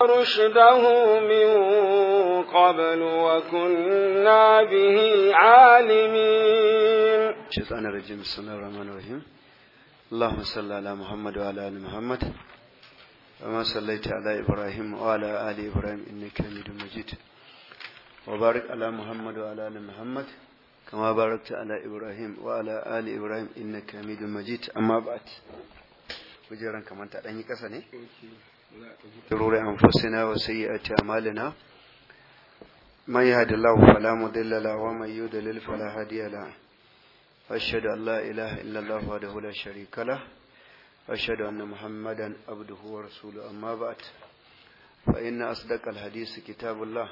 رشده من قبل وكنا به عالمين الشيطان الرجيم بسم الله الرحمن الرحيم اللهم صل على محمد وعلى ال محمد وما صليت على ابراهيم وعلى ال ابراهيم انك حميد مجيد وبارك على محمد وعلى ال محمد كما باركت على ابراهيم وعلى ال ابراهيم انك حميد مجيد اما بعد kujeran kamar ta ɗanyi ƙasa ne? شرور أنفسنا وسيئات أعمالنا من يهد الله فلا مضل له ومن يضلل فلا هادي له أشهد أن لا إله إلا الله وحده لا شريك له أشهد أن محمدا عبده ورسوله أما بعد فإن أصدق الحديث كتاب الله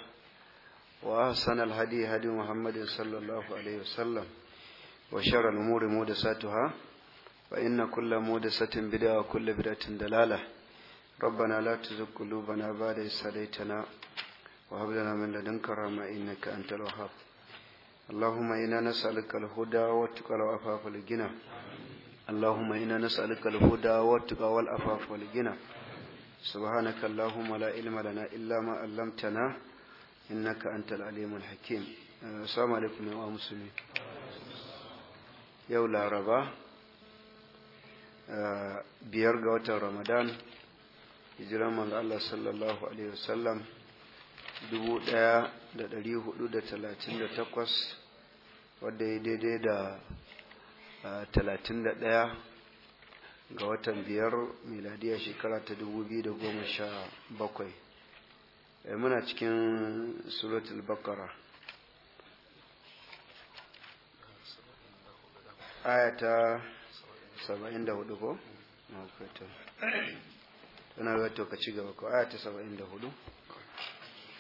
وأحسن الهدي هدي محمد صلى الله عليه وسلم وشر الأمور مودساتها فإن كل مودسة بدعة وكل بدعة دلالة ربنا لا تزغ قلوبنا بعد إذ هديتنا وهب لنا من لدنك رحمة إنك أنت الوهاب اللهم إنا نسألك الهدى والتقى والعفاف والغنى اللهم إنا نسألك الهدى والتقى والعفاف والغنى سبحانك اللهم لا علم لنا إلا ما علمتنا إنك أنت العليم الحكيم السلام عليكم يا مسلمين يا ربا biyar ga watan ramadan hijiran manzo Allah sallallahu alaihi wasallam 1438 wadda ya daidai da 31 ga watan biyar miladiya shekara ta 2017 eh, muna cikin suratul bakara ayata 74 ko? ina ga to ka ci gaba ko aya ta 74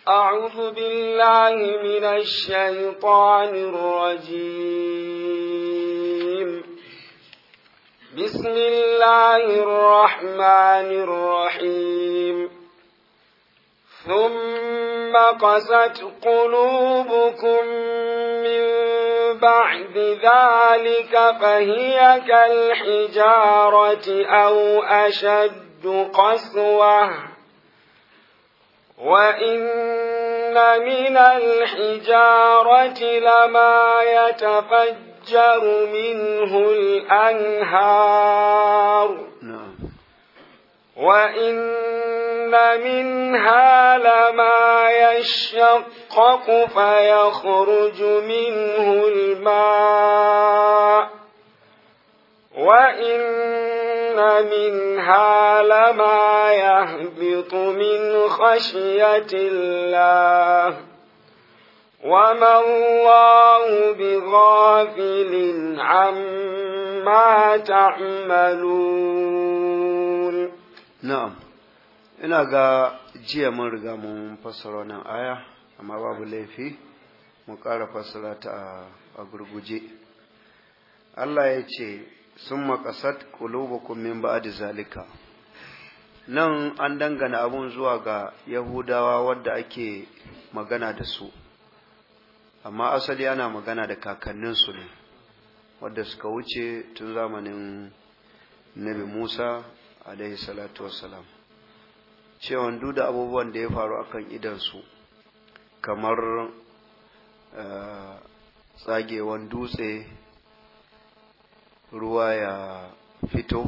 أعوذ بالله من الشيطان الرجيم بسم الله الرحمن الرحيم ثم قست قلوبكم من بعد ذلك فهي كالحجارة أو أشد الود قسوة وإن من الحجارة لما يتفجر منه الأنهار نعم. وإن منها لما يشقق فيخرج منه الماء وإن ينفقون منها لما يهبط من خشية الله وما الله بغافل عما تعملون نعم ina ga jiya mun riga mu fassara wannan aya amma babu laifi mu ƙara fassara ta a gurguje Allah ya ce summa qasat qulubukum min ba'di zalika nan an dangana abun zuwa ga yahudawa wadda ake magana da su amma asali ana magana da kakanninsu ne wadda suka wuce tun zamanin nabi musa alaihi salatu wassalam cewan duk da abubuwan da ya faru akan idansu kamar eh, tsagewan dutse ruwa ya fito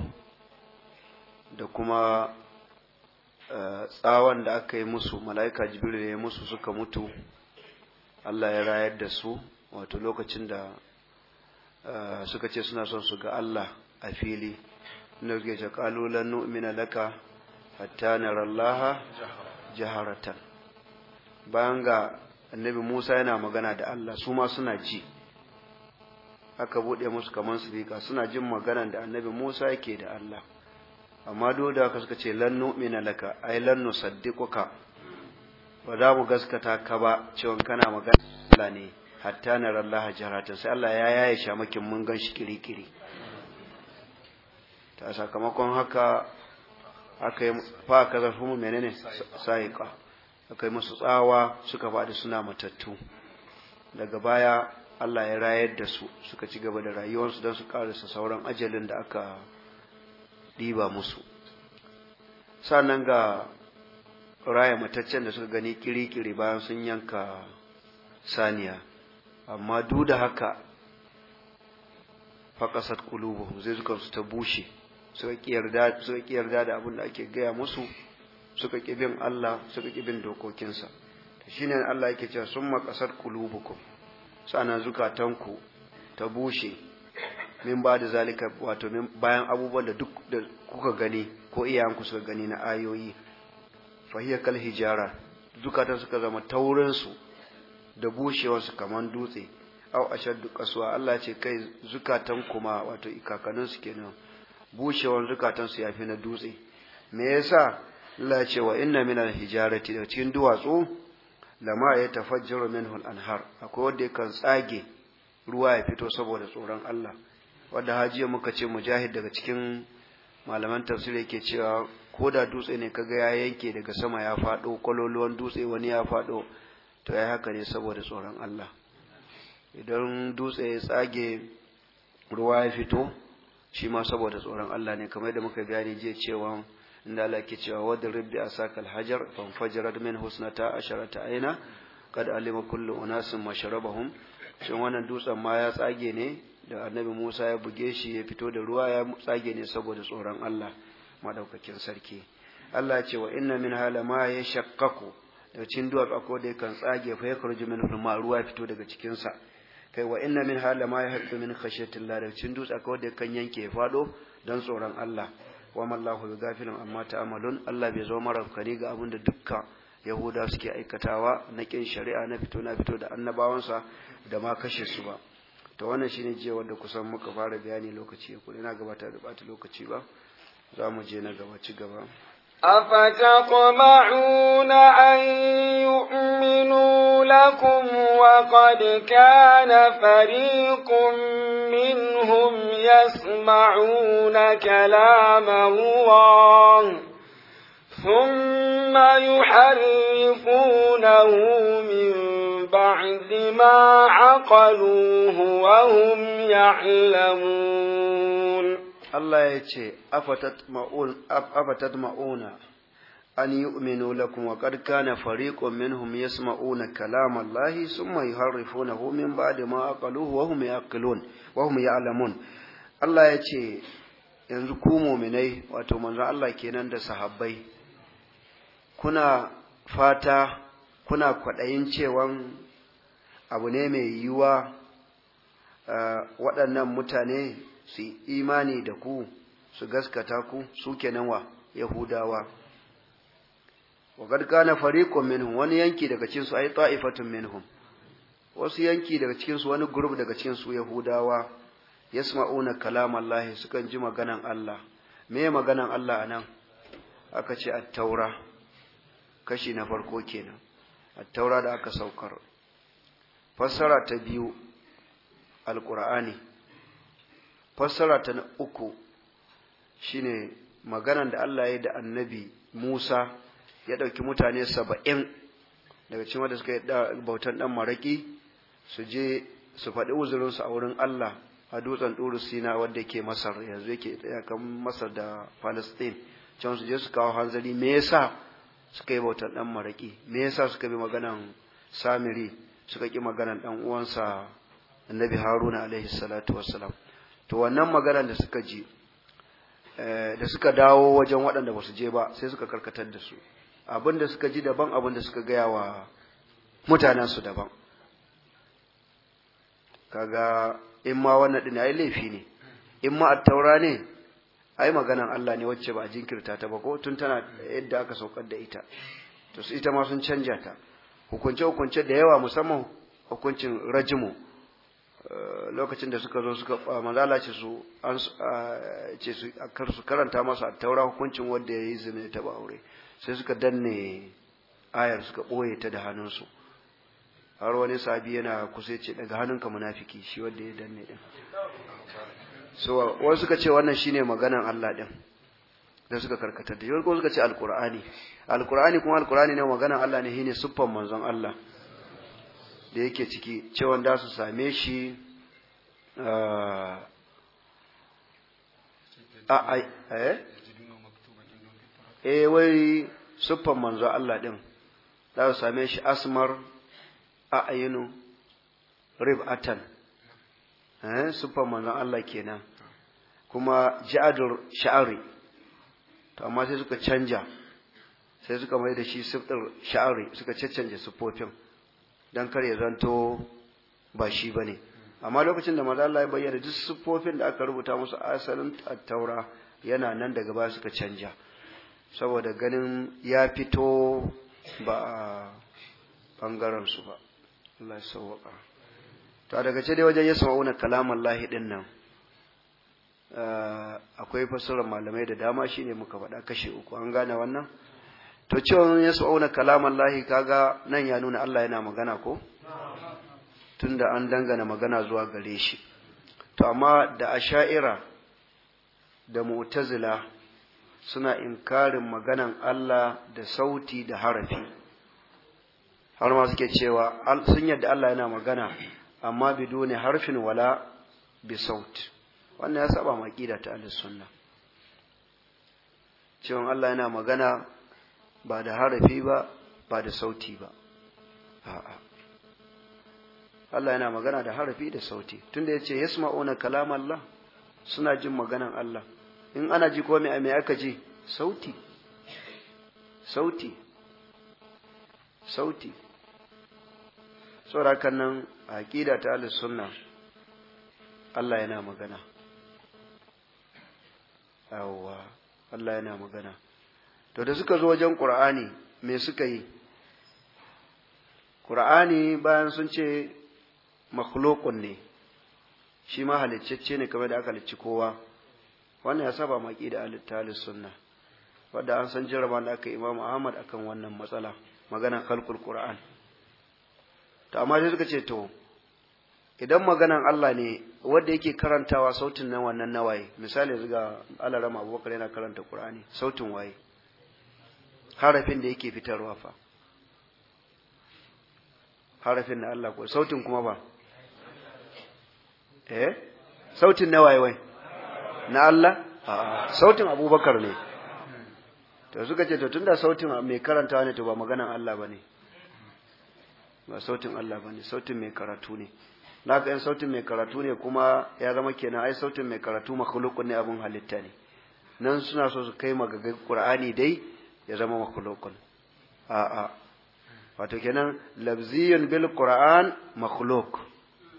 da kuma eh, tsawon da aka yi musu mala'ika jibril ya musu suka mutu Allah ya rayar da su wato lokacin da eh, suka ce suna son su ga Allah a fili na suke ce kalolan nu'mina laka hatta narallaha jaharatan bayan ga annabi Musa yana magana da Allah su ma suna ji aka buɗe musu kamar su fika suna jin maganan da annabi Musa yake da Allah amma doda ka suka ce lannu mina laka ai lannu nusaddiquka ba za mu gaskata ka ba cewa kana magana Allah ne hatta nar Allah jaratan sai Allah ya yaye makin mun gan shi kirikiri ta sakamakon haka aka yi fa ka zarfi mu menene sa'iqa aka yi musu tsawa suka faɗi suna matattu daga baya Allah ya rayar da su suka ci gaba da rayuwarsu don su karasa sauran ajalin da aka ɗiba musu sannan ga raya mataccen da suka gani kirikiri bayan sun yanka saniya amma duk da haka faƙasar kulubu zai su ta bushe suka ƙi yarda da abin da ake gaya musu suka ƙi bin Allah suka ƙi bin dokokinsa shine Allah yake cewa sun makasar qulubukum zukatan zukatanku ta bushe min ba da zalika wato bayan abubuwan da duk da kuka gani ko iyayenku suka gani na ayoyi fahiya kal hijara zukatan suka zama taurinsu da su kaman dutse au ashaddu kasuwa Allah ce kai zukatan kuma wato ikakanin su kenan bushewar zukatan su yafi na dutse me yasa Allah ce wa inna al hijarati da cikin duwatsu lama ya tafajjaru minhu al-anhar akwai wanda yakan tsage ruwa ya fito saboda tsoron Allah wanda hajiya muka ce mujahid daga cikin malaman tafsir yake cewa koda dutse ne kaga ya yanke daga sama ya fado kololuwan dutse wani ya fado to ya haka ne saboda tsoron Allah idan dutse ya tsage ruwa ya fito shi ma saboda tsoron Allah ne kamar yadda muka gani jiya cewa inda Allah cewa cewa wadrib a asakal hajar fanfajarat min husnata ta aina kad alima kullu unasin masharabahum shin wannan dutsen ma ya tsage ne da annabi Musa ya buge shi ya fito da ruwa ya tsage ne saboda tsoron Allah madaukakin sarki Allah ce wa inna min ma ya shakkaku da cin duwatsu akwai da kan tsage fa yakhruju min ma ruwa fito daga cikinsa. sa kai wa inna min ma ya haddu min khashyatillah da cin dutse akwai da yakan yanke fado don tsoron Allah wa mallahu bi gafilin amma ta'amalun Allah bai zo mara ga abin da Yahuda suke aikatawa na kin shari'a na fito na fito da annabawansa da ma kashe su ba to wannan shine jiya wanda kusan muka fara bayani lokaci ya ina gabata da bata lokaci ba za mu je na gaba ci gaba أفتطمعون أن يؤمنوا لكم وقد كان فريق منهم يسمعون كلام الله ثم يحرفونه من بعد ما عقلوه وهم يعلمون Allah ya ce afatat ma'una an yi umenu karka wa qad min fariqun minhum su ma’una Allah lahi sun mai ba'di na homin ba da ma’akalu wa hum alamun. Allah ya ce yanzu ku mu'minai wato manzan Allah kenan da sahabbai kuna fata kuna kwaɗayin cewan abu ne mai yiwuwa ah, waɗannan mutane su imani da ku su gaskata ku su kenan wa yahudawa wa kad kana fariqun minhum wani yanki daga cikin su ay ta'ifatun minhum wasu yanki daga cikin su wani group daga cikin su yahudawa yasma'una kalam Allah sukan ji maganan Allah me maganan Allah anan aka ce at-taura kashi na farko kenan at-taura da aka saukar fassara ta biyu al-qur'ani fassara ta na uku shine maganan da Allah ya yi da annabi Musa ya ɗauki mutane saba'in daga cikin wanda suka yi bautan ɗan maraƙi su je su faɗi uzurinsu a wurin Allah a dutsen ɗuru sina wanda yake masar yanzu yake kan masar da palestine can su je su kawo hanzari me yasa suka yi bautan ɗan maraƙi me yasa suka bi maganan samiri suka ƙi maganan ɗan uwansa annabi haruna alaihi salatu wassalam to wannan maganar da suka ji eh, da suka dawo wajen waɗanda ba su je ba sai suka karkatar da su abin da suka ji daban abin da suka gaya wa su daban kaga in ma wannan din ai laifi ne in ma attaura ne ai maganan Allah ne wacce ba a jinkirta ta ba ko tun tana yadda aka saukar da ita to su ita ma sun canja ta hukunce hukunce da yawa musamman hukuncin rajimu Eh, lokacin da suka zo suka eh, malalace su an eh, ce su kar su karanta masa a taura hukuncin wanda ya yi zina ta ba aure sai suka danne ayar suka ɓoye ta da hannunsu har wani sabi yana kusa ce daga hannunka munafiki shi wanda ya danne din so wani suka ce wannan shine maganan Allah din da suka karkatar da yau suka ce alqur'ani alqur'ani kuma alqur'ani ne maganan Allah ne shine siffan manzon Allah da yake ciki cewan da su same shi ah, a eh? eh wai siffan manzo Allah din za su same shi asmar a ayinu rib'atan eh siffan manzo Allah kenan kuma ja'adul sha'ari to amma sai suka canja sai suka mai da shi siffar sha'ari suka caccanje siffofin Don kar ya zanto ba shi ba ne. amma lokacin da maza Allah ya bayyana duk siffofin da aka rubuta musu asalin taura yana nan daga ba suka canja saboda ganin ya fito ba a bangaren su ba Allah ya sauwaka ta daga ce dai wajen ya sama'una kalaman lahi din nan eh, akwai fassarar malamai da dama shine muka faɗa kashe uku an gane wannan to cewa ya auna kalaman lahi kaga nan ya nuna Allah yana magana ko tunda an dangana magana zuwa gare shi to amma da asha'ira da mu'tazila suna inkarin maganan Allah da sauti da harafi har ma suke cewa sun yadda Allah yana magana amma bidoni harfin wala bi saut wannan ya saba maqida ta al-sunna cewa Allah yana magana ba da harafi ba ba da sauti ba a'a Allah yana magana da harafi da sauti tunda yace yasma'una kalam Allah suna jin maganan Allah in ana ji ko me me aka ji sauti sauti sauti saboda kan nan a aqida ta ahlus sunna Allah yana magana yawwa Allah yana magana to da suka zo wajen qur'ani me suka yi qur'ani bayan sun ce makhluqun ne shi ma halicce ne kamar da aka halicci kowa wannan ya saba maki da ahli sunna wanda an san jira da aka Imam Ahmad akan wannan matsala maganan khalqul qur'an to amma sai suka ce to idan maganan Allah ne wanda yake karantawa sautin nan wannan nawaye misali ga Allah rama Abubakar yana karanta Qur'ani sautin waye harafin da yake fitarwa fa harafin da Allah ko sautin kuma ba eh sautin na waye wai na Allah sautin Abubakar ne to suka ce to tunda sautin mai karanta ne to ba maganan Allah bane ba sautin Allah bane sautin mai karatu ne ga yan sautin mai karatu ne kuma ya zama kenan ai sautin mai karatu makhluqun ne abun halitta ne nan suna so su kai magagai Qur'ani dai ya zama makhlukun a'a wato kenan labziyun bil qur'an makhluk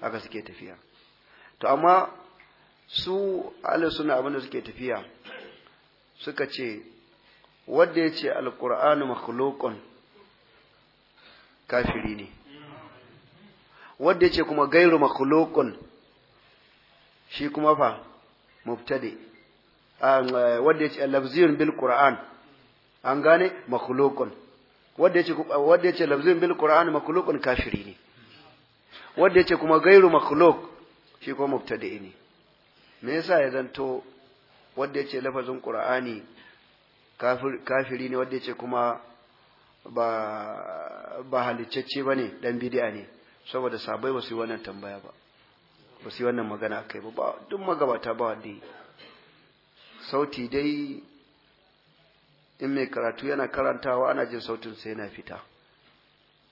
haka suke tafiya to amma su ahli sunna abin da suke tafiya suka ce wanda yace alqur'anu makhlukun kafiri ne wanda yace kuma gairu makhlukun shi kuma fa mubtadi wanda yace labziyun bil qur'an an gane makhluqun wanda yace wanda yace lafzin bil qur'an makhluqun kafiri ne wanda yace kuma gairu makhluq shi kuma mubtadi ne me yasa ya zanto wanda yace lafazin qur'ani kafir kafiri ne wanda yace kuma ba ba halicce bane dan bid'a ne saboda sabai ba su yi wannan tambaya ba ba su yi wannan magana akai ba duk magabata ba wanda sauti dai in mai karatu yana karantawa ana jin sautin sai yana fita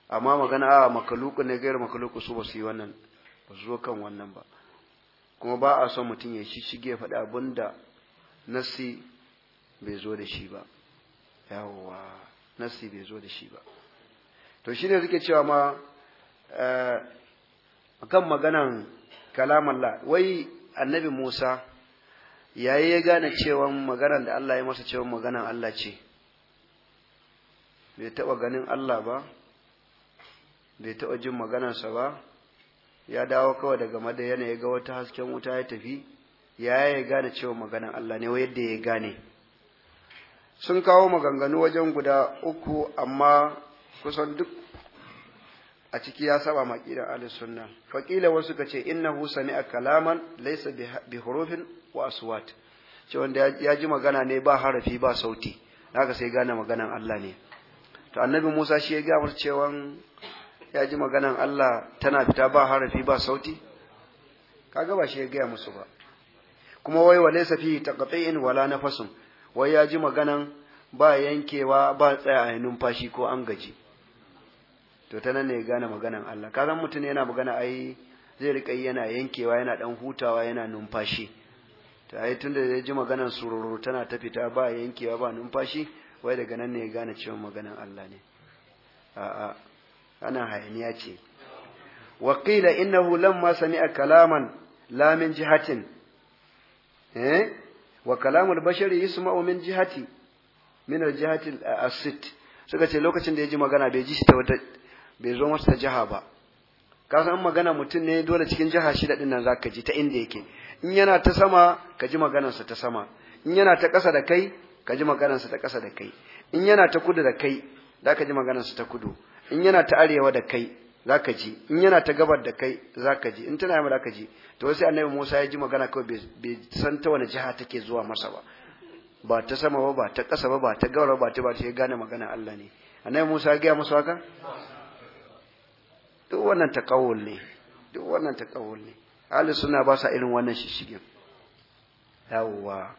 amma magana a ah, makaluku ne gairar makaluku su ba yi wannan ba su zo kan wannan ba kuma ba a son mutum ya shi shige faɗi abin da nasi bai zo da shi ba yawowa nasi bai zo da shi ba to shi ne suke cewa ma eh, kan maganan kalamallah wai annabi musa yayi ya gane cewan maganar da Allah ya masa cewa maganan Allah ce bai taɓa ganin Allah ba bai taɓa jin maganarsa ba ya dawo kawai daga madayana yanayi ga wata hasken wuta ya tafi ya ya gane cewa maganan Allah ne yadda ya gane sun kawo maganganu wajen guda uku amma kusan duk a ciki ya saba ma aqidar ahlus sunna fa wasu kace innahu sami'a kalaman laysa bi hurufin wa aswat ce wanda ya ji magana ne ba harafi ba sauti haka sai gane maganan Allah ne to annabi Musa shi ya ga cewa ya ji maganan Allah tana fita ba harafi ba sauti kaga ba shi ya gaya musu ba kuma wai wa laysa fihi taqati'in wala nafasun wai ya ji maganan ba yankewa ba tsaya a numfashi ko an gaji to ta nan ne ya gane maganan Allah ka mutum yana magana ai zai rika yana yankewa yana dan hutawa yana numfashi to ai tunda ya ji maganan sururu tana ta fita ba yankewa ba numfashi wai daga nan ne ya gane cewa maganan Allah ne a'a ana hayaniya ce wa qila innahu lamma sami'a kalaman la min jihatin eh wa kalamul bashari yusma'u min jihati min al-jihati as-sitt suka ce lokacin da ya ji magana bai ji shi ta wata bai zo masa jiha ba ka san magana mutum ne dole cikin jiha shida din nan zaka ji ta inda yake in yana ta sama ka ji maganarsa ta sama in yana ta ƙasa da kai ka ji maganarsa ta ƙasa da kai in yana ta kudu da kai za ka ji maganarsa ta kudu in yana ta arewa da kai za ka ji in yana ta gabar da kai za ka ji in tana yamma za ka ji to sai annabi musa ya ji magana kawai bai san ta wani jiha take zuwa masa ba ba ta sama ba ba ta ƙasa ba ba ta gabar ba ta ba ta gane magana allah ne annabi musa ya gaya masa haka duk wannan taƙawul ne duk wannan taƙawul ne ahli sunna ba sa irin wannan shishigin yawwa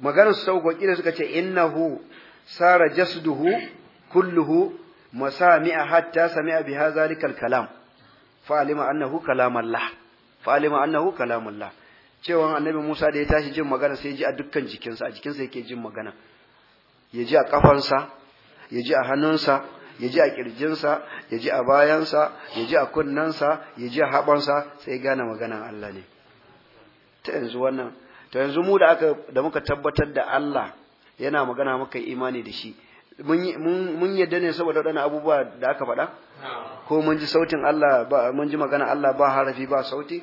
maganar sauƙoƙi da suka ce innahu sara jasduhu kulluhu masami'a hatta sami'a bi zalikal kalam fa'alima annahu fa fa'alima annahu kalamullah cewa annabi Musa da ya tashi jin magana sai ya ji a dukkan jikinsa a jikinsa yake jin magana ya ji a kafansa ya ji a hannunsa ya ji a kirjinsa ya ji a bayansa ya ji a kunnansa, ya ji a haɓansa sai gane maganan Allah ne ta yanzu wannan ta yanzu mu da aka da muka tabbatar da Allah yana magana muka imani da shi mun yadda ne saboda ɗana abubuwa da aka faɗa ko mun ji sautin Allah ba mun ji magana Allah ba harafi ba sauti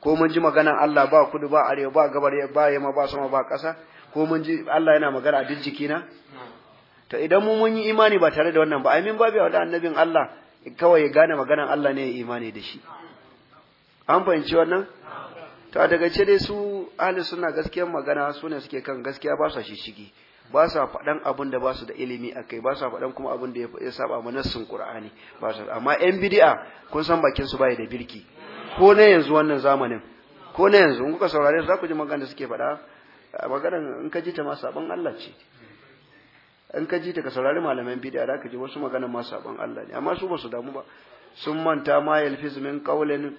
ko mun ji maganan Allah ba kudu ba arewa ba gabar ba yamma ba sama ba ƙasa ko mun ji Allah yana magana a duk jikina to idan mu mun yi imani ba tare da wannan ba ai min babu ya annabin Allah kawai ya gane maganan Allah ne ya imani da shi an fahimci wannan to a ce dai su ahli sunna gaskiyar magana su ne suke kan gaskiya ba sa shishigi ba sa faɗan abin da ba su da ilimi a kai ba sa faɗan kuma abin da ya saba ma nassin qur'ani ba sa amma yan bid'a kun san bakin su bai da birki ko na yanzu wannan zamanin ko na yanzu in kuka saurare za ku ji magana da suke faɗa maganar in ka ji ta ma saban Allah ce in ka ji ta ka saurari malaman bid'a da ka ji wasu magana ma saban Allah ne amma su ba su damu ba sun manta ma yalfiz min qawlin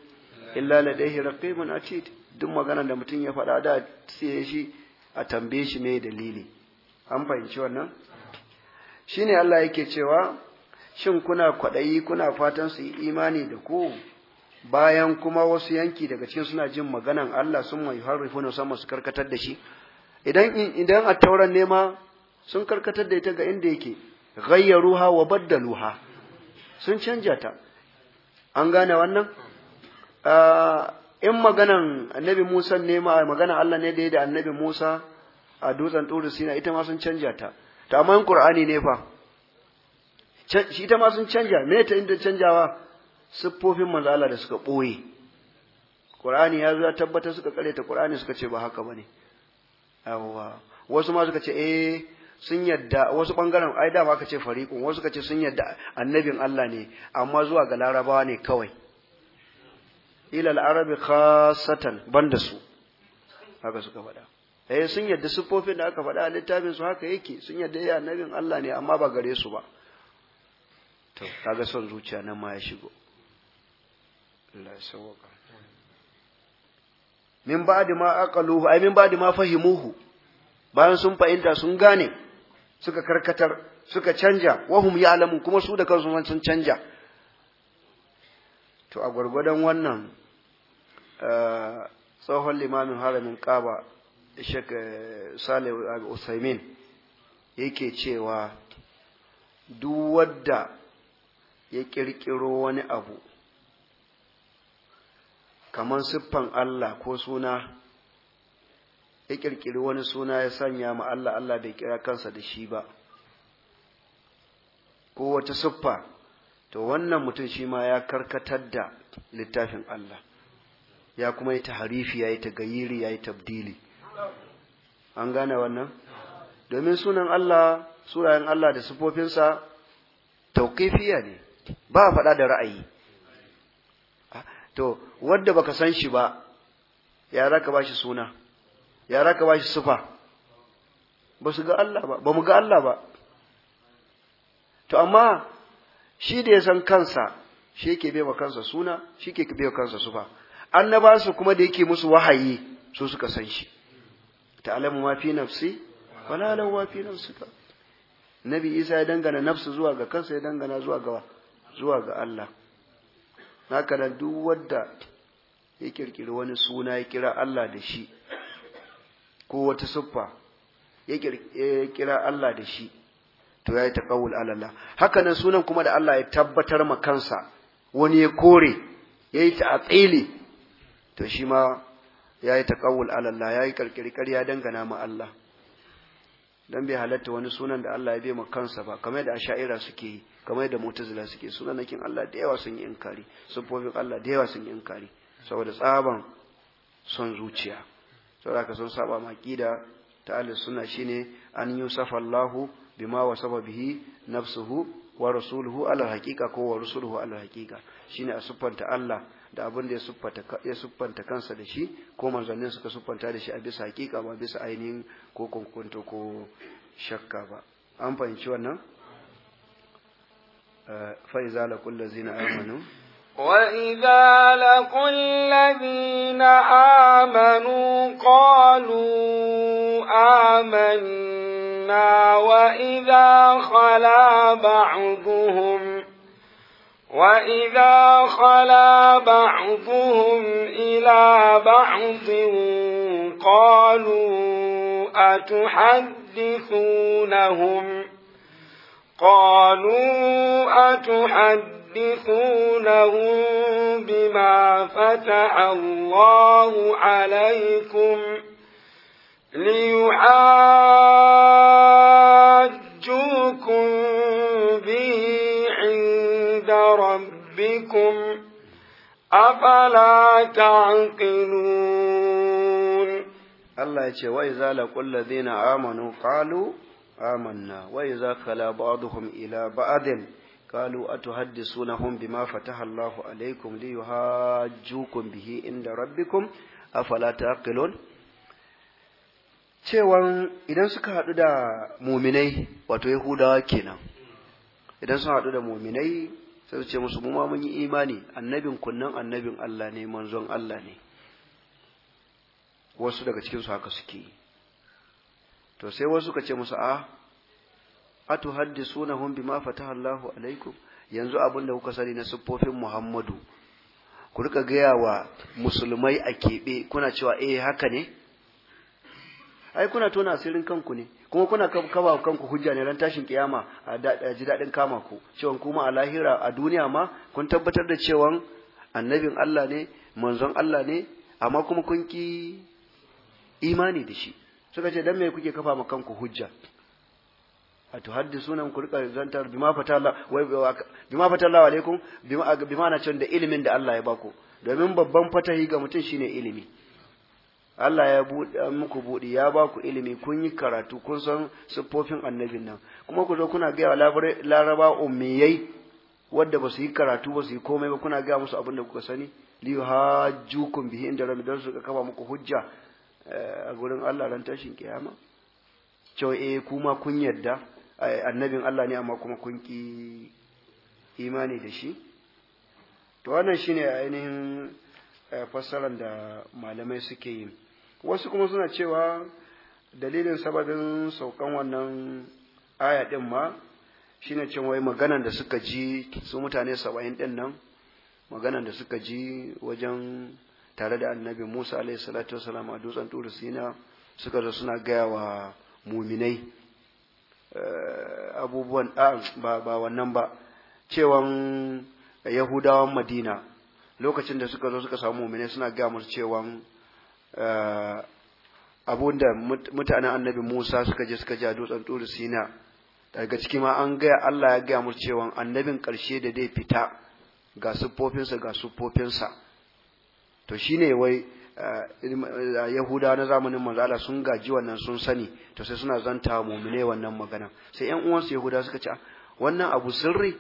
illa ladayhi raqibun atid duk magana da mutum ya faɗa da sai shi a tambaye shi me dalili an fahimci wannan shine Allah yake cewa shin kuna kwaɗayi kuna fatan su yi imani da ku bayan kuma wasu yanki daga cikin suna jin maganan Allah sun mai harifuna sama su karkatar da shi idan idan a tauran nema sun karkatar da ita ga inda yake ghayyaruha wa baddaluha sun canja ta an gane wannan in maganan annabi Musa ne ma maganan Allah ne da ya da annabi Musa a dutsen Turu Sina ita ma sun canja ta ta amma in Qur'ani ne fa shi ita ma sun canja me ta inda canjawa siffofin manzo Allah da suka boye Qur'ani ya zo ya tabbata suka kare ta Qur'ani suka ce ba haka bane yawa wasu ma suka ce eh sun yadda wasu bangaren ai dama aka ce fariqun wasu ka ce sun yadda annabin Allah ne amma zuwa ga larabawa ne kawai al arabi khasatan banda su haka suka faɗa eh sun yadda sufofin da aka faɗa a littafin su haka yake sun yadda ya eh, annabin Allah ne amma ba gare su ba to kaga son zuciya nan ma ya shigo Allah ya sauka min ba'di ma aqaluhu ai min ba'di ma fahimuhu bayan sun fahimta sun gane suka karkatar suka canja wahum ya'lamu kuma su da kansu sun canja to a gwargwadon wannan eh, tsohon limamin haramin kaba shek eh, salih usaimin yake cewa duk wanda ya kirkiro wani abu kamar siffan Allah ko suna ya kirkiri wani suna ya sanya ma Allah Allah bai kira kansa da shi ba ko wata siffa to wannan mutum shi ma ya karkatar da littafin Allah ya kuma yi ta harifi ya yi ta gayiri ya yi tabdili an gane wannan domin sunan Allah surayen Allah da sufofinsa taukifiya ne ba faɗa da ra'ayi to wadda baka san shi ba ya za ka ba shi suna yara ka bashi sufa ba su ga Allah ba ba mu ga Allah ba to amma shi da ya san kansa shi yake bai wa kansa suna shi yake bai wa kansa sufa annabansu kuma da yake musu wahayi su suka san shi ta'lamu ma fi nafsi wala la wa fi nafsika nabi isa ya dangana nafsu zuwa ga kansa ya dangana zuwa ga zuwa ga Allah haka duk wanda ya kirkiri wani suna ya kira Allah da shi ko wata siffa ya kira Allah da shi to yayi taqawul ala alala. hakanan sunan kuma da Allah ya tabbatar ma kansa wani ya kore ya a ta'tili to shi ma ya yi taƙawul ala Allah yi ƙarƙirƙar ya dangana ma Allah Don bai halatta wani sunan da Allah ya bai ma kansa ba kamar da asha'ira suke yi kamar da mu'tazila suke nakin Allah da yawa sun yi inkari fofin Allah da yawa sun yi inkari saboda tsaban son zuciya saboda ka sun saba ma kida ta ahlus sunna shine an yusafa Allahu bima wa bihi nafsuhu wa rasuluhu ala haqiqa ko wa rasuluhu ala haqiqa shine a siffanta Allah da abin da ya siffanta kansa da shi ko manzannin suka siffanta da shi a bisa haqiqa ba bisa ainihin ko kunkunto ko shakka ba an fahimci wannan eh, fa iza la kullu zina amanu وَإِذَا لَقُوا الَّذِينَ آمَنُوا قَالُوا آمَنَّا وَإِذَا خَلَا بَعْضُهُمْ وَإِذَا خَلَا بَعْضُهُمْ إِلَى بَعْضٍ قَالُوا أَتُحَدِّثُونَهُمْ قَالُوا أَتُحَدِّثُونَهُمْ تسبحونهم بما فتح الله عليكم ليحاجوكم به عند ربكم أفلا تعقلون الله يقول وإذا لقوا الذين آمنوا قالوا آمنا وإذا خلا بعضهم إلى بعض قالوا أتحدثونهم بما فتح الله عليكم ليهاجوكم به عند ربكم أفلا تعقلون cewan idan suka haɗu da muminai wato yahudawa kenan idan sun haɗu da muminai sai su ce musu mu ma mun yi imani annabin kunnan annabin Allah ne manzon Allah ne wasu daga cikin su haka suke to sai wasu ka ce musu a atuhaddisunahum bima fataha Allahu alaikum yanzu abin da kuka sani na siffofin Muhammadu ku rika gaya wa musulmai a keɓe kuna cewa eh haka ne ai kuna tona asirin kanku ne kuma kuna kaba kanku hujja ne ran tashin kiyama a ji dadin kama ku cewa kuma a lahira a duniya ma kun tabbatar da cewa annabin Allah ne manzon Allah ne amma kuma kun ki imani da shi suka ce dan me kuke kafa ma kanku hujja a tuhaddisunan ku rika zantar bima fatalla wai bima fatalla alaikum bima na cewa da ilimin da Allah ya baku domin babban fatahi ga mutum shine ilimi Allah ya buɗe muku buɗi ya baku ilimi kun yi karatu kun san siffofin annabin nan kuma ku zo kuna ga laraba ummiyai wadda ba su yi karatu ba su yi komai ba kuna ga musu abin da kuka sani li hajjukum bihi inda rabbidan su ka kafa muku hujja eh, a gurin Allah ran tashin kiyama cewa eh kuma kun yarda annabin Allah ne amma kuma kun ki imani da shi to wannan shine ainihin eh, fassarar da malamai suke yi wasu kuma suna cewa dalilin sababin saukan wannan aya din ma shine cin wai maganan da suka ji su mutane saba'in din nan maganan da suka ji wajen tare da annabi Musa alaihi salatu wasalam a dutsen Turu suka zo suna gaya wa muminai Eh, abubuwan ba ba wannan ba cewan yahudawan madina lokacin da suka zo suka samu mu'mini suna ga musu cewan eh, abun mutanen annabi Musa suka je suka ji a dutsen Sina daga ciki ma an gaya Allah ya gaya musu cewan annabin karshe da dai fita ga siffofinsa ga siffofinsa to shine wai Eh, eh, Yahuda na zamanin manzo Allah sun gaji wannan sun sani to sai suna zanta mu'mine wannan magana sai ƴan uwansu Yahuda suka ce ah, wannan abu sirri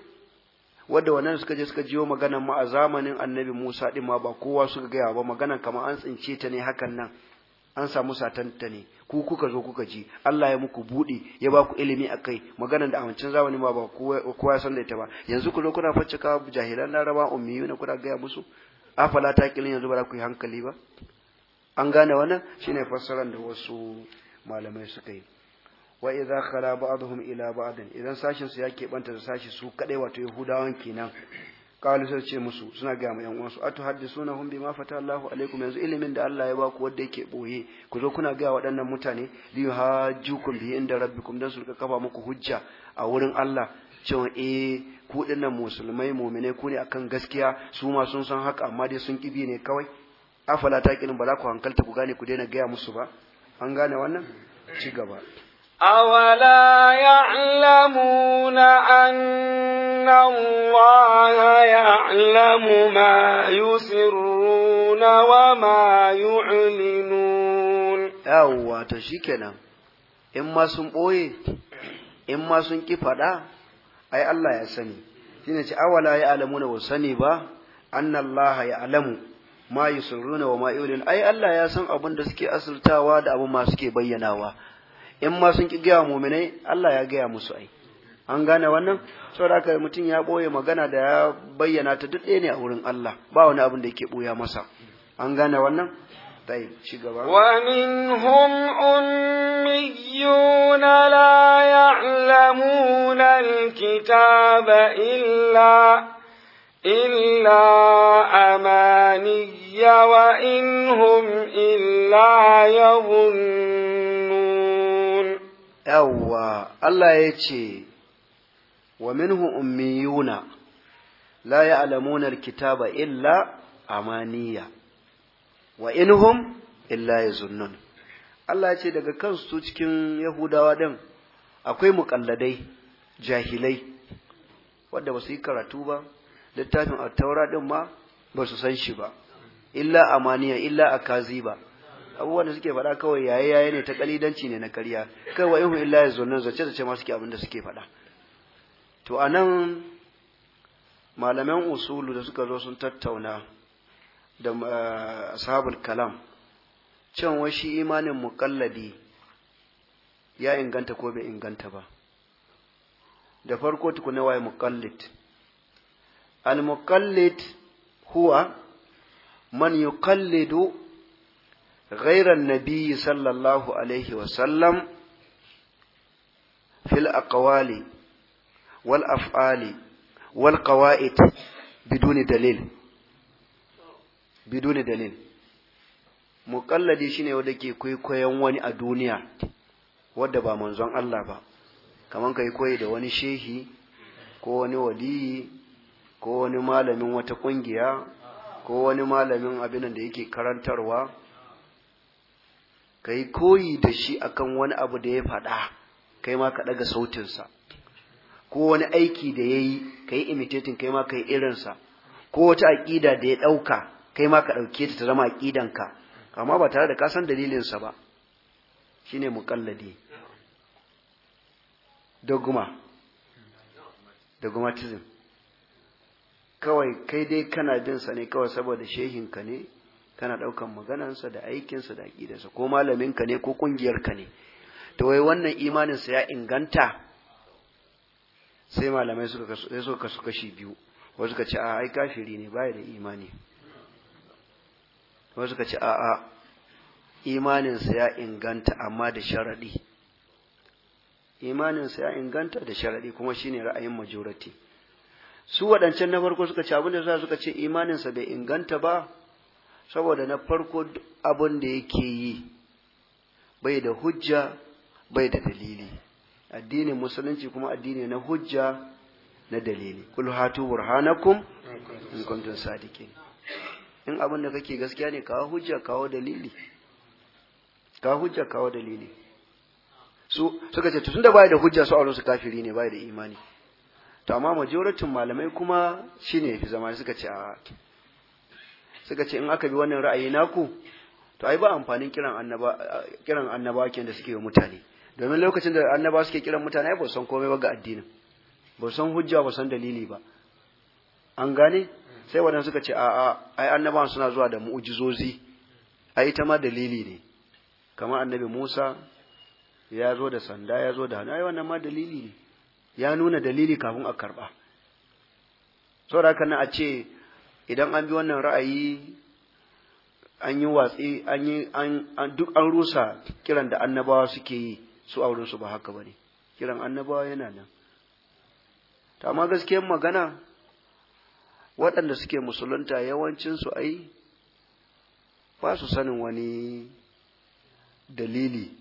wanda wannan suka je suka jiwo maganar ma a zamanin Annabi Musa din ma ba kowa suka gaya ba maganar kamar an tsince ta ne hakan nan an samu satanta ne ku kuka zo kuka ji Allah ya muku buɗe ya ba ku ilimi a kai maganar da amincin zamani ma ba kowa ya san da ita ba yanzu ku zo kuna ka jahilan laraba ummiyuna kuna gaya musu afala ta kilin yanzu bara ku yi hankali ba an gane wannan shine fassarar da wasu malamai suka yi wa idza khala ba'dhum ila ba'd idan sashin su ya banta da sashi su kadai wato yahudawan kenan qalu sai ce musu suna ga mai yan uwansu atu hum bima fata Allahu alaikum yanzu ilimin da Allah ya ba ku wanda yake boye ku zo kuna ga waɗannan mutane li hajjukum bi inda rabbikum dan su ka kafa muku hujja a wurin Allah cewa eh ku dinnan musulmai mu'minai ku ne akan gaskiya su ma sun san haka amma dai sun kibi ne kawai afala taqilun ba za ku hankalta ku gane ku daina gaya musu ba an gane wannan ci gaba أولا يعلمون أن الله يعلم ما يسرون وما يعلنون أو تشيكنا إما سنبوي إما سنكي فدا ai Allah ya sani shine ce awala ya na na sani ba anna Allah ya alamu ma yusirruna wa ma ai Allah ya san abin da suke asirtawa da abin ma suke bayyanawa in ma sun ki gaya muminai Allah ya gaya musu ai an gane wannan saboda haka mutum ya boye magana da ya bayyana ta duk ɗaya ne a wurin Allah ba wani abin da yake boya masa an gane wannan طيب ومنهم أميون لا يعلمون الكتاب إلا إلا أماني وانهم إلا يظنون أوى الله يتشي ومنهم أميون لا يعلمون الكتاب إلا أمانية wa inhum illa yazunnun Allah ya ce daga kansu cikin Yahudawa din akwai muƙalladai jahilai wanda ba yi karatu ba littafin taura din ma ba su san shi ba illa amaniya illa akaziba abubuwan da suke faɗa kawai yaye yaye ne ta kalidanci ne na ƙarya kai wa ihu illa yazunnun zace zace ma suke abin suke faɗa to anan malaman usulu da suka zo sun tattauna da uh, ashabul kalam cewa shi imanin muƙalladi ya inganta ko bai inganta ba da farko tukuna waye muqallid al mukallid huwa man yuqallidu ghayra an-nabiy sallallahu alaihi wa sallam fil aqwali wal af'ali wal qawa'id biduni dalil biduni dalil shi shine wanda ke kwaikwayon wani a duniya wadda ba manzon Allah ba kamar kai koyi da wani shehi ko wani waliyi ko wani malamin wata ƙungiya ko wani malamin abin da yake karantarwa ka yi koyi da shi akan wani abu da ya faɗa kai ma ka ɗaga sautinsa ko wani aiki da ya yi ka yi imitating kai ma ka yi irinsa ko wata aƙida da ya ɗauka kai ma ka ɗauke ta ta zama ƙidanka. amma ba tare da ka san dalilinsa ba shine muƙalladi dogma dogmatism kawai kai dai kana bin sa ne kawai saboda shehinka ne kana ɗaukan maganansa da aikinsa da ƙidansa, ko malaminka ne ko ƙungiyarka ne to wai wannan imaninsa ya inganta sai malamai suka kashi biyu wasu ka ce a ai kafiri ne baya da imani kuma suka ce a'a imaninsa ya inganta amma da sharaɗi imaninsa ya inganta da sharaɗi kuma shine ra'ayin majority su waɗancan na farko suka ce abin da za suka ce imaninsa bai inganta ba saboda na farko abin da yake yi bai da hujja bai da dalili addinin musulunci kuma addini na hujja na dalili kul hatu burhanakum in kuntum sadiqin in abin da kake gaskiya ne kawo hujja kawo dalili kawo hujja kawo dalili su suka ce da bai da hujja su auren su kafiri ne bai da imani to amma majoratin malamai kuma shine yafi zama suka ce a suka ce in aka bi wannan ra'ayi naku to ai ba amfanin kiran annaba kiran annaba da suke wa mutane domin lokacin da annaba suke kiran mutane ai ba san komai ba ga addinin ba san hujja ba san dalili ba an gane sai wadanda suka ce a'a ai annabawan suna zuwa da mu'jizozi ai ita ma dalili ne kamar annabi Musa ya zo da sanda ya zo da hannu ai wannan ma dalili ne ya nuna dalili kafin a karba saboda haka na a ce idan an bi wannan ra'ayi an yi watsi an yi duk an rusa kiran da annabawa suke yi su auren su ba haka bane kiran annabawa yana nan Ta ma gaskiyar magana waɗanda suke musulunta yawancinsu ai ba su sanin wani dalili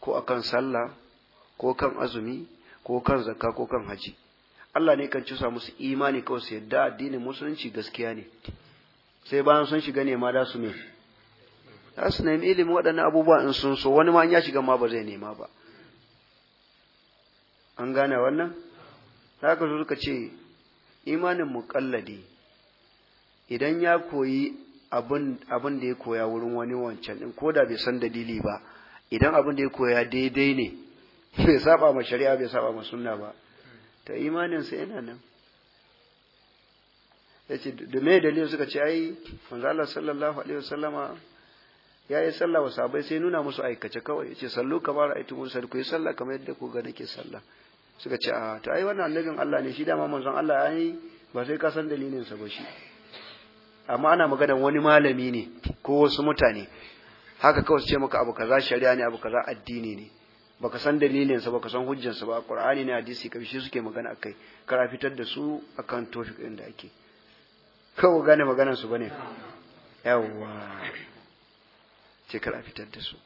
ko akan sallah ko kan azumi ko kan zakka ko kan haji Allah ne kan cusa musu imani kawai su yadda addinin musulunci gaskiya ne sai bayan sun shiga nema da su ne za su nemi ilimi waɗannan abubuwa in sun so wani ma in ya shiga ma ba zai nema ba an gane wannan za ka zo suka ce imanin muƙalladi idan ya koyi abin da ya koya wurin wani wancan ɗin ko da bai san dalili ba idan abin da ya koya daidai ne bai saba ma shari'a bai saba ma sunna ba ta imaninsa yana nan ya ce da dalilin suka ce ai manzo Allah sallallahu alaihi wasallama ya yi sallah wa sai nuna musu aikace kawai ya ce sallu kamar aitu musa ku yi sallah kamar yadda ku ga nake sallah suka ce a ah, ta ai wannan annabin Allah ne shi dama manzon Allah ya yi ba sai ka san dalilin sa ba shi amma ana maganar wani malami ne ko wasu mutane haka kawai su ce maka abu kaza shari'a ne abu kaza addini ne baka san dalilin sa baka san hujjar sa ba Qur'ani ne hadisi kabi shi suke magana akai kara fitar da su akan tofik din da ake kawai gane maganar su bane yawwa ce kara fitar da su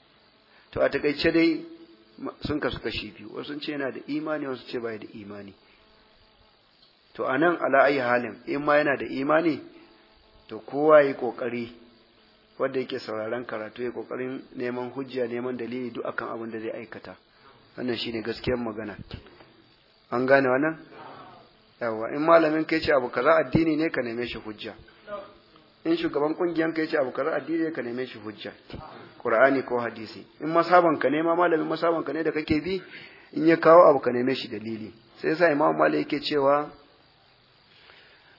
to a takaice dai sun kasu kashi biyu wasu sun ce yana da imani wasu ce bai da imani to nan ala ayi halin in ma yana da imani to kowa yi kokari wanda yake sauraron karatu ya kokarin neman hujja neman dalili duk akan abin da zai aikata wannan shine gaskiyar magana an gane wannan yawa in malamin ka yace abu kaza addini ne ka neme shi hujja in shugaban kungiyan ka yace abu kaza addini ne ka neme shi hujja Qur'ani ko hadisi in masaban ka ne ma malamin masaban ka ne da kake bi in ya kawo abu ka neme shi dalili sai yasa Imam Malik yake cewa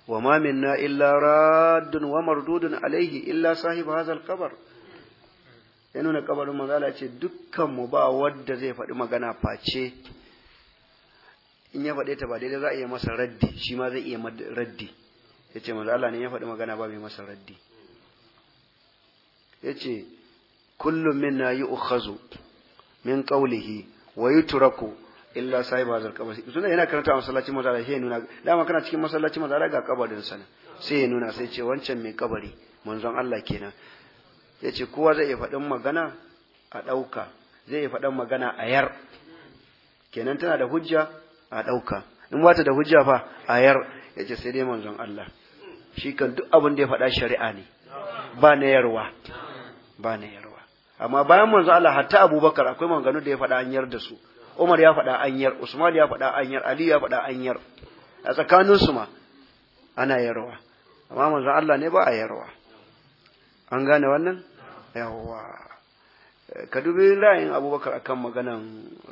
wa ma minna illa raddun wa mardudun alaihi illa sahib hazal kabar. qabr ya nuna kabarin mazala ce dukkan mu ba wadda zai faɗi magana face in ya faɗe ta ba daidai za a iya masa raddi shi ma zai iya raddi ya ce ne ya faɗi magana ba mai masa raddi ya ce kullum minna yu'khazu min qawlihi wa yutraku illa sahiba hazal qabr tunda yana karanta a masallacin mazara sai ya nuna dama kana cikin masallacin mazara ga kabarin sa sai ya nuna sai ce wancan mai kabari manzon Allah kenan ya ce kowa zai iya faɗin magana a ɗauka zai iya faɗin magana a yar kenan tana da hujja a ɗauka in ba ta da hujja fa a yar ya ce sai dai manzon Allah shi kan duk abin da ya faɗa shari'a ne ba na yarwa ba na yarwa amma bayan manzo Allah hatta Abubakar akwai maganganu da ya faɗa anyar da su Umar ya faɗa anyar Usman ya faɗa anyar Ali ya faɗa anyar a tsakanin su ma ana yarwa amma manzo Allah ne ba a yarwa an gane wannan yawa ka dubi ra'ayin Abubakar akan maganan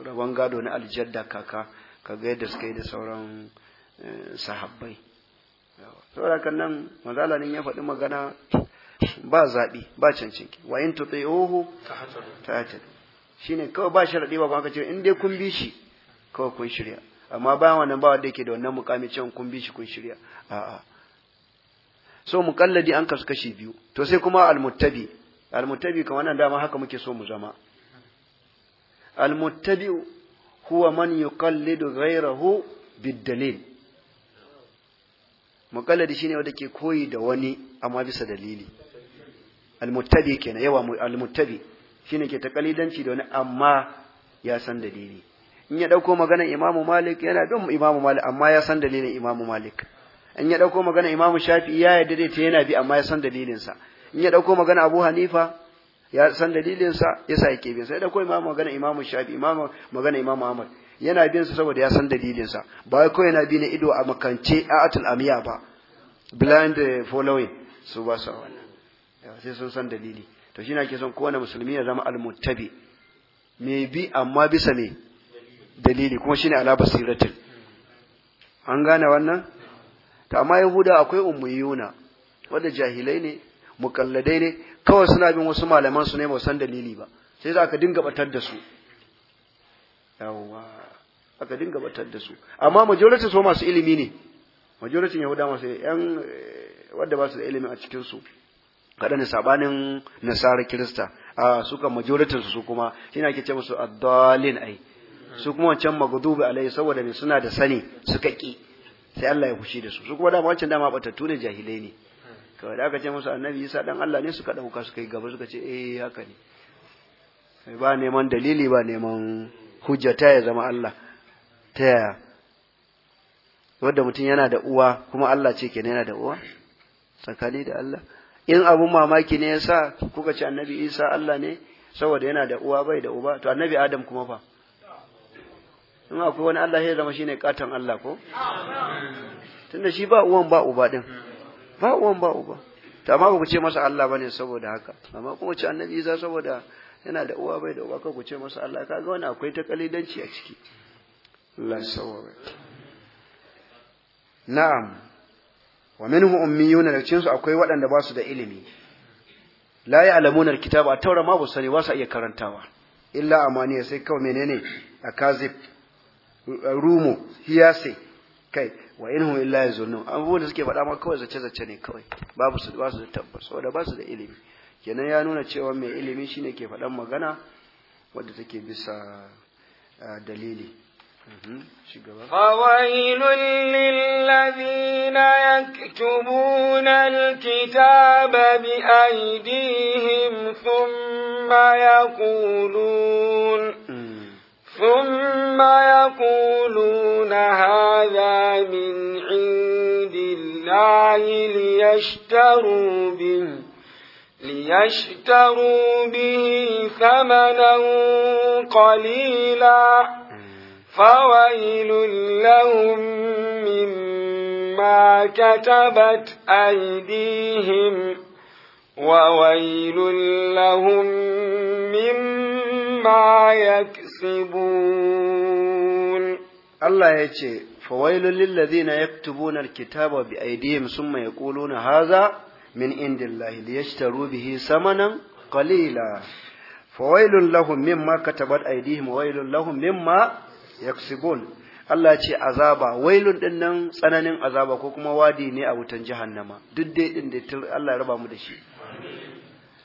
rabon gado na aljadda kaka ka ga yadda suka yi da sauran eh, sahabbai saboda kan nan manzo Allah ne ya faɗi magana ba zaɓi ba cancanki wa in tuɗe ohu ta shi ne kawai ba raɗe ba kuma ka inda in dai kun bi shi kawai kun shirya amma bayan wannan ba wanda yake da wannan mukami cewa kun bi shi kun shirya a'a so muqalladi an kasu kashi biyu to sai kuma almuttabi almuttabi kamar nan dama haka muke so mu zama almuttabi huwa man yuqallidu ghayrahu bid-dalil shi shine wanda ke koyi da wani amma bisa dalili almuttabi كنا yawa almuttabi شنو ke takalidanci da wani amma ya san dalili in ya dauko maganar imamu malik yana bin imamu malik amma ya san dalilin imamu malik in ya dauko maganar imamu shafi'i ya yarda da ta yana bi amma ya san dalilin in ya dauko maganar abu hanifa ya san dalilin sa yasa bin sa ya dauko yana bin sa saboda ya san dalilin sa ba wai yana bi na ido a makance atul amiya ba blind eh, following su ba sa wani sai sun san dalili to shi ke son kowane musulmi ya zama almuttabi mai bi amma bisa ne dalili kuma shine ala basiratin an gane wannan to amma yahuda akwai umuyuna wanda jahilai ne mukalladai ne kawai suna bin wasu malaman su ne ba san dalili ba sai za ka dinga batar da su yawwa aka dinga batar da su amma majority so masu ilimi ne majority yahuda masu yan eh, wanda ba su da ilimi a cikin su kaɗan sabanin nasarar kirista a suka majoritin su kuma shi ake ce musu adalin ai su kuma wancan maghdubi alai saboda ne suna da sani suka ki sai Allah ya fushi da su su kuma dama wancan dama batattu ne jahilai ne kawai da aka ce musu annabi Isa dan Allah ne suka dauka suka yi gaba suka ce eh haka ne ba neman dalili ba neman hujja ta ya zama Allah ta yaya wanda mutum yana da uwa kuma Allah ce kenan yana da uwa tsakani da Allah in abun mamaki ne yasa kuka ce annabi isa Allah ne saboda yana da uwa bai da uba to annabi adam kuma fa in akwai wani Allah ya zama shine katon Allah ko tunda shi ba uwan ba uba din ba uwan ba uba to amma ba ku ce masa Allah bane saboda haka amma kuma ce annabi isa saboda yana da uwa bai da uba ka ku ce masa Allah kaga wani akwai ta kalidanci a ciki Allah ya na'am wa minhu ummiyuna da cikin su akwai waɗanda ba su da ilimi la ya'lamuna alkitaba a taura ma sani ba iya karantawa illa amaniya sai kawai menene akazib rumo hiyase kai wa inhum illa yazunnu abubuwan da suke faɗa ma kawai zace zace ne kawai babu su ba su da tabbas saboda ba su da ilimi kenan ya nuna cewa mai ilimi shine ke faɗan magana wadda take bisa ah, dalili فويل للذين يكتبون الكتاب بأيديهم ثم يقولون ثم يقولون هذا من عند الله ليشتروا به ليشتروا به ثمنا قليلا فويل لهم مما كتبت أيديهم وويل لهم مما يكسبون الله يجي فويل للذين يكتبون الكتاب بأيديهم ثم يقولون هذا من عند الله ليشتروا به ثمنا قليلا فويل لهم مما كتبت أيديهم وويل لهم مما yaksibun Allah ce azaba wailun din nan tsananin azaba ko kuma wadi ne a wutan jahannama duk dai din da Allah ya raba mu da shi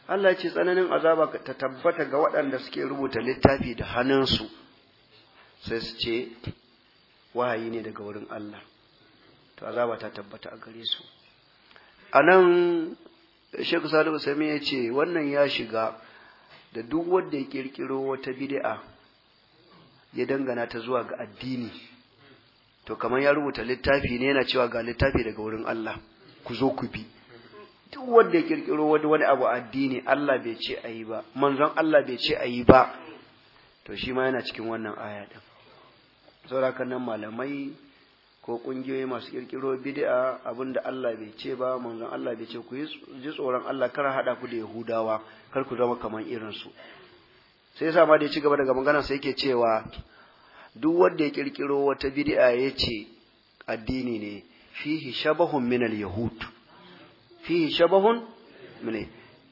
Allah ce tsananin azaba ta tabbata ga waɗanda suke rubuta littafi da hannunsu sai su ce wahayi ne daga wurin Allah to azaba ta tabbata a gare su anan Sheikh Salihu Sami ya ce wannan ya shiga da duk wanda ya kirkiro wata bid'a ya dangana ta zuwa ga addini to kamar ya rubuta littafi ne yana cewa ga littafi daga wurin Allah ku zo ku bi duk wanda ya kirkiro wani abu addini Allah bai ce a yi ba manzon Allah bai ce a yi ba to shi ma yana cikin wannan aya din saboda nan malamai ko ƙungiyoyi masu kirkiro bid'a abinda Allah bai ce ba manzon Allah bai ce ku ji tsoron Allah kar haɗa ku da Yahudawa kar ku zama kamar irin su sai ya sama da ya ci gaba daga magana sai yake cewa duk wanda ya kirkiro wata bid'a ya ce addini ne fihi shabahun min al-yahud fihi shabahun min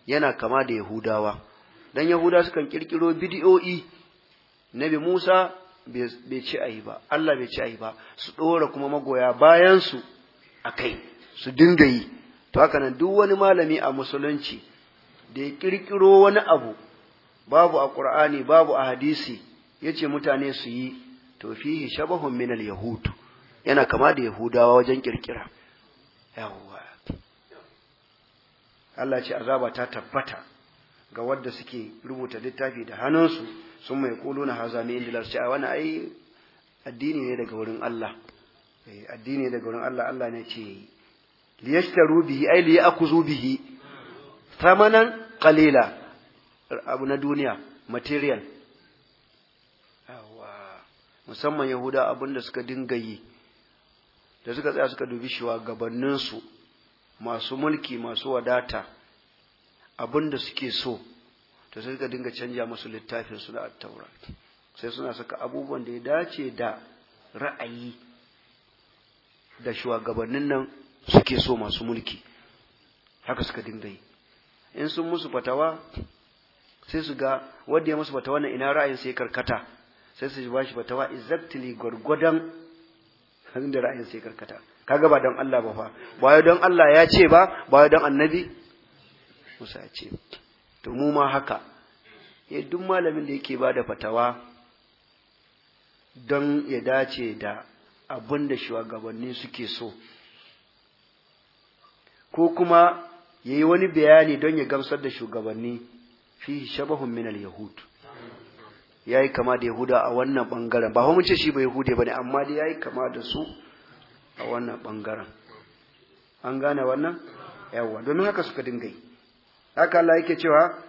yana kama da yahudawa dan yahuda sukan kirkiro bid'o'i nabi Musa bai ci ayi ba Allah bai ci ayi ba su dora kuma magoya bayan su akai su dinga yi to haka nan duk wani malami a musulunci da ya kirkiro wani abu babu a Qur'ani babu a hadisi yace mutane su yi to fihi shabahun min al-yahud yana kama da yahudawa wajen kirkira yawwa Allah ce azaba ta tabbata ga wanda suke rubuta littafi da hannunsu sun mai kuluna haza min indillah ce wani ai addini ne daga wurin Allah eh, addini ne daga wurin Allah Allah ne ce liyashtaru bihi ai liyakuzu bihi thamanan qalila abu na duniya material musamman yahuda abin da suka dinga yi da suka tsaya suka dubi shugabanninsu masu mulki masu wadata abin da suke so ta suka dinga canja musu littafinsu na attaura sai suna saka abubuwan da ya dace da ra'ayi da shugabannin nan suke so masu mulki haka suka dinga yi in sun musu fatawa sai su ga wanda ya musu fatawa wannan ina ra'ayin sai karkata sai su ba shi batawa exactly gwargwadon hannun da ra'ayin sai karkata kaga ba don Allah ba fa ba ya don Allah ya ce ba ba ya don annabi Musa ya ce to mu ma haka ya eh, duk malamin da yake ba da fatawa don ya dace da abin da shugabanni suke so ko kuma ya yi wani bayani don ya gamsar da shugabanni fihi shabahun min al-yahud yayi kama da yahuda a wannan bangaren ba mun ce shi ba yahude bane amma dai yayi kama da su a wannan bangaren an gane wannan yawa domin haka suka dinga yi haka Allah yake cewa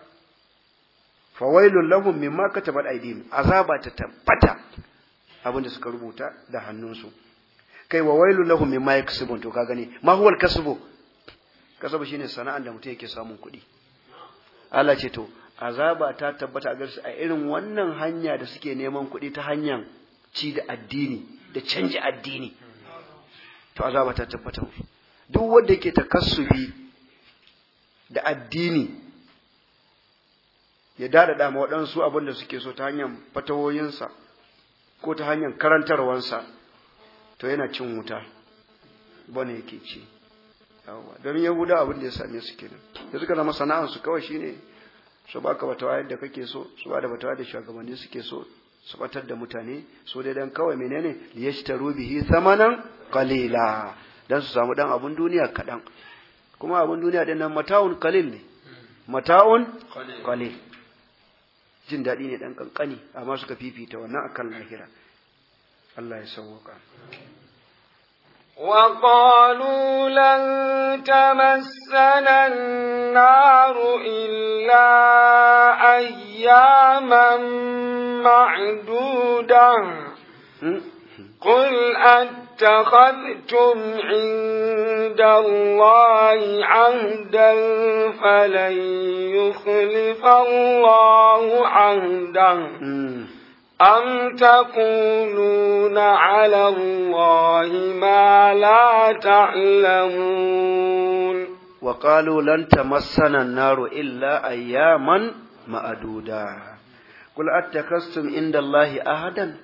fawailul lahum mimma katabat aydihim azaba ta tabbata abinda suka rubuta da hannunsu kai wa wailul lahum mimma yaksubun to ka gani ma huwal kasbu shi shine sana'an da mutum yake samun kuɗi Allah ce to azaba ta tabbata a garsu a irin wannan hanya da suke neman kuɗi ta hanyar ci da addini da canji addini to azaba ta tabbata duk wanda yake takassubi da addini ya dada ma waɗansu abin da suke so ta hanyar fatawoyinsa ko ta hanyar karantarwansa to yana cin wuta bane yake ci domin don yahuda abin da ya same su kenan da suka zama sana'ansu kawai shine su baka fatawa yadda kake so su ba da fatawa da shugabanni suke so su batar da mutane so dai dan kawai menene taro bihi zamanan qalila dan su samu dan abun duniya kadan kuma abun duniya din nan mata'un qalil ne mata'un kalil jin daɗi ne dan kankani amma suka fifita wannan akan lahira Allah ya sauwaka وقالوا لن تمسنا النار إلا أياما معدودة قل اتخذتم عند الله عهدا فلن يخلف الله عهده أم تقولون على الله ما لا تعلمون وقالوا لن تمسنا النار إلا أياما معدودا قل أتخذتم عند الله أحدا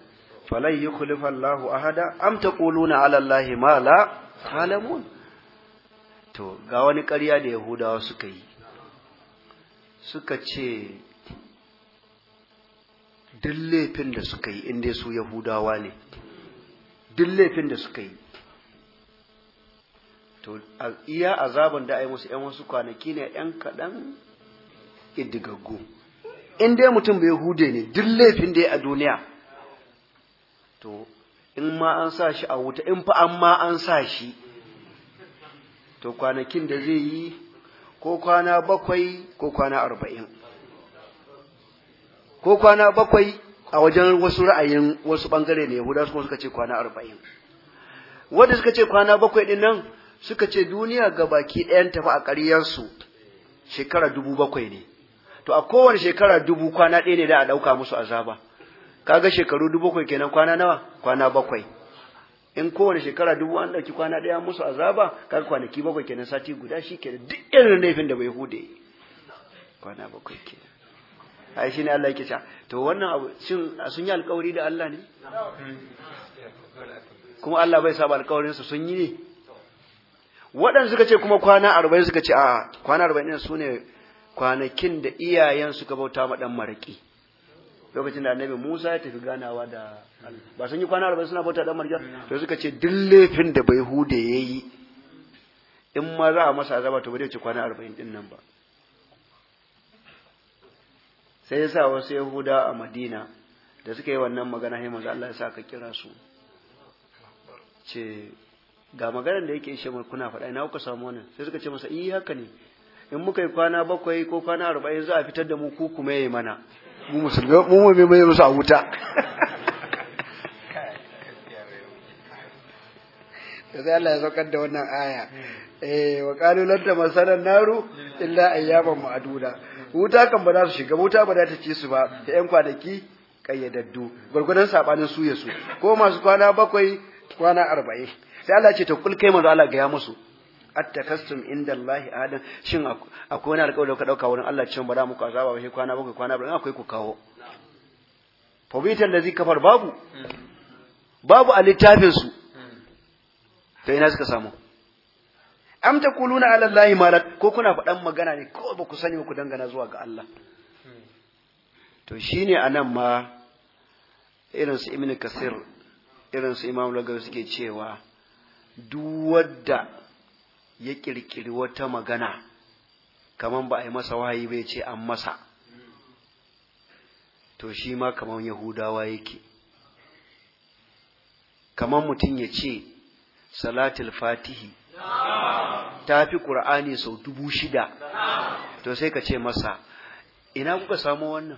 فلن يخلف الله أحدا أم تقولون على الله ما لا تعلمون تو ga wani ƙarya da Yahudawa suka yi suka ce duk laifin da suka yi inda su yahudawa ne duk laifin da suka yi to iya azaban da ai musu ‘yan wasu kwanaki ne ‘yan kaɗan idigaggu in dai mutum bai hude ne duk laifin da ya a duniya to in ma an sa shi a wuta in fa an ma an sa shi to kwanakin da zai yi ko kwana bakwai ko kwana arba'in ko kwana bakwai a wajen wasu ra'ayin wasu bangare ne Yahuda kuma suka ce kwana arba'in. Wanda suka ce kwana bakwai ɗin nan suka ce duniya ga baki ɗayan tafi a ƙaryarsu shekara dubu bakwai ne. To a kowane shekara dubu kwana ɗaya ne da a ɗauka musu azaba. Kaga shekaru dubu bakwai kenan kwana nawa? Kwana bakwai. In kowane shekara dubu an ɗauki kwana ɗaya musu azaba, kaga kwanaki bakwai kenan sati guda shi kenan duk irin laifin da bai hude. Kwana bakwai kenan. ai shine Allah yake cewa to wannan abu shin sun yi alƙawari da Allah ne kuma Allah bai saba alƙawarin su sun yi ne waɗanda suka ce kuma kwana 40 suka ce a kwana 40 din sune kwanakin da iyayen suka bauta ma dan maraki lokacin da annabi Musa ya tafi ganawa da Allah ba sun yi kwana 40 suna bauta dan maraki to suka ce duk laifin da bai hude yayi in ma za a masa azaba to bai ce kwana 40 din nan ba sai ya sa wasu yahuda a madina da suka yi wannan magana sai manzo Allah ya sa ka kira su ce ga maganar da yake shi kuna faɗa ina kuka samu wannan sai suka ce masa eh haka ne in muka yi kwana bakwai ko kwana arba'in za a fitar da mu ku kuma yayi mana mu musulmi mu mu mai musu a wuta sai Allah ya saukar da wannan aya eh wa qalu lan tamasana naru illa ayyaman ma'duda wuta kan ba za su shiga wuta ba za ta ci su ba ta yan kwanaki kayyadaddu gwargwadon sabanin su ya su ko masu kwana bakwai kwana arba'in sai Allah ce ta kul kai manzo Allah ga ya musu attakastum inda Allah adam shin akwai wani alƙawari ka dauka wurin Allah cewa ba za mu azaba ba shi kwana bakwai kwana bakwai akwai ku kawo fabitan da zai kafar babu babu a littafinsu. su hmm. to ina suka samu am taquluna ala allahi ma la ko kuna faɗan magana ne ko ba ku sani ku dangana zuwa ga Allah to shine anan ma irin su ibn kasir irin su imam suke cewa duk wanda ya kirkiri wata magana kaman ba a yi masa wahayi bai ce an masa to shi ma kaman yahudawa yake kaman mutum ya ce salatul fatihi ta fi ƙur'ani sau dubu shida to sai ka ce masa ina kuka samu wannan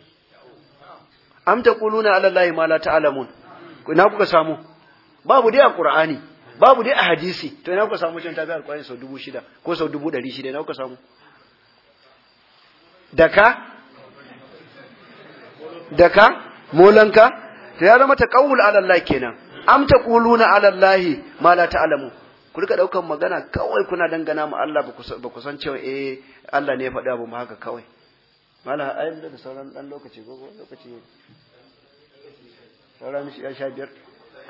Amta taquluna ala allahi ma la ta'lamun ina kuka samu babu dai a ƙur'ani, babu dai a hadisi to ina kuka samu cin tafi alƙur'ani sau dubu shida ko sau dubu ɗari shida ina kuka samu daka daka molanka to ya zama ta ƙawul allahi kenan amta taquluna ala allahi ma la ta'lamun ku rika daukan magana kawai kuna dangana mu Allah ba ku san cewa eh Allah ne ya faɗa ba mu haka kawai mala ayin da sauran dan lokaci gogo lokaci sauran shi ya sha biyar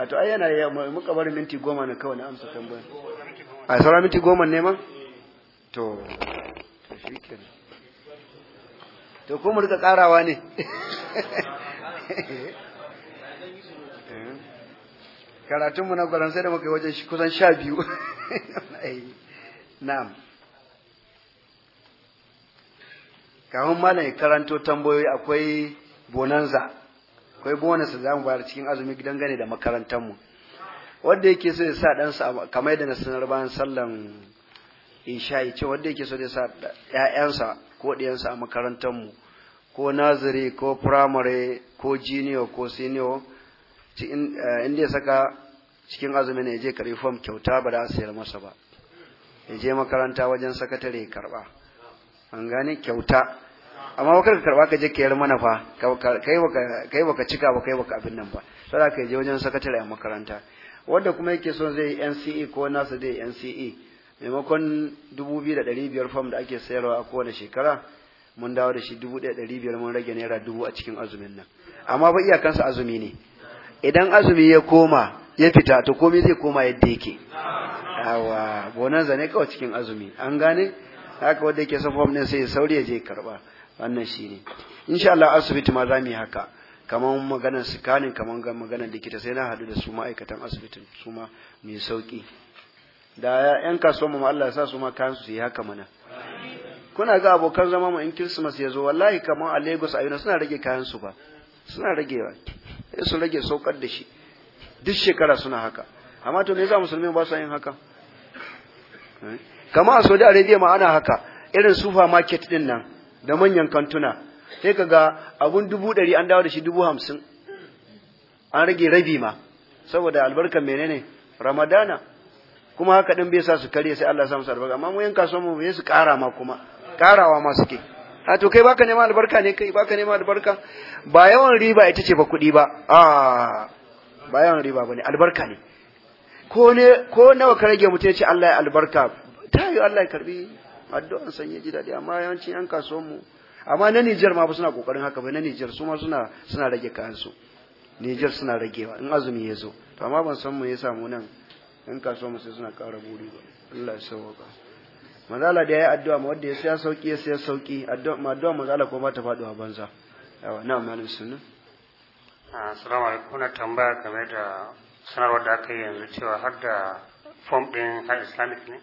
a to ai yana ya muka bari minti goma ne kawai na amsa tambayar a sauran minti goma ne ma to to shikenan to ko mu rika karawa ne karatunmu na sai da muka yi wajen kusan sha biyu na'am kafin mana ya karanto tambayoyi akwai bonanza akwai bonanza za mu bayar cikin azumi dangane da makarantarmu wanda yake so ya sa ɗansa kamar da na sanar bayan sallan isha'i ce wanda yake so ya sa ‘ya'yansa ko ɗiyansa a makarantarmu ko naziri ko firamare ko junior ko siniyo in ya eh, saka cikin azumi ne je karbi fom kyauta ba da sayar masa ba ya je makaranta wajen sakatare karba an gane kyauta amma wakar ka karba ka je kayar mana fa kai baka cika ba kai baka abin nan ba sai ka je wajen sakatare a makaranta wanda kuma yake son zai NCE ko nasa dai NCE maimakon 2500 fam da ake sayarwa a kowane shekara mun dawo da shi 1500 mun rage naira 2000 a cikin azumin nan amma ba iyakansa azumi ne idan azumi ya koma ya fita to komai zai koma yadda yake awa bonanza zane kawai cikin azumi an gane haka wadda yake son fom ɗin sai sauri ya je karba wannan ne insha Allah asibiti ma zamu yi haka kaman maganar sikanin kaman maganar likita sai na hadu da su ma'aikatan asibitin su ma mai sauki da yan kasuwan mu Allah ya sa su ma kayan su yi haka mana kuna ga abokan zama mu in kirsimas ya zo wallahi kaman a Lagos a Yunus suna rage kayan su ba suna ragewa sai su rage saukar da shi duk shekara suna haka amma to me yasa musulmi ba su yin haka kama a Saudi Arabia ma ana haka irin supermarket din nan da manyan kantuna sai kaga abun dubu ɗari an dawo da shi dubu hamsin an rage rabi ma saboda albarkar menene ramadana kuma haka din bai sa su karye sai Allah ya sa musu albarka amma mu yan kasuwa mu bai su ƙara ma kuma ƙarawa ma suke a to kai baka neman albarka ne kai baka neman albarka ba yawan riba ita ce ba kuɗi ba a ba yawan riba bane albarka ne ko ne ko nawa ka rage mutum ce Allah ya albarka ta yi Allah ya karbi addu'an san ya ji daɗi amma yawancin yan kasuwan mu amma na Nijar ma ba suna kokarin haka ba na Nijar su ma suna suna rage kayan su Nijar suna ragewa in azumi ya zo to amma ban san mu ya samu nan yan kasuwan mu sai suna ƙara buri ba Allah ya sauka manzala da ya yi addu'a ma wanda ya siya sauki ya saya sauki addu'a ma addu'a manzala ko ba ta a banza yawa na malam sunna assalamu alaikum kuna tambaya game da sanarwar da aka yi yanzu cewa har da form din high islamic ne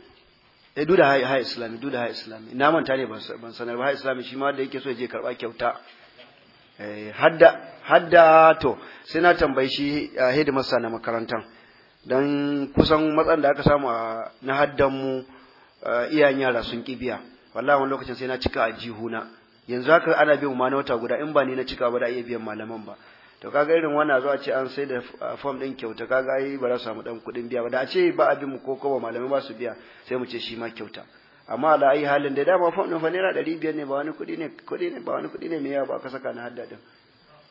eh duda da high islamic duda da high islamic na manta ne ban sanar ba high islamic shi ma da yake so ya je karba kyauta eh hadda hadda to sai na tambayi shi hidimarsa na makarantar dan kusan matsan da aka samu na haddan mu Eh, iyayen yara sun kibiya wallahi wani lokacin sai na cika a jihuna yanzu haka ana biyan ma na wata guda in ba ni na cika ba da iya biyan malaman ba to kaga irin wannan zo a ce an sai da eh, form din kyauta kaga ai ba za su samu dan kuɗin biya ba da a ce ba abin mu ko kuma malamai ba su biya sai mu ce shi ma kyauta amma da ai halin da dama form din fa naira 500 ne ba wani kuɗi ne kuɗi ne ba wani kuɗi ne me yawa ba ka saka na hadda din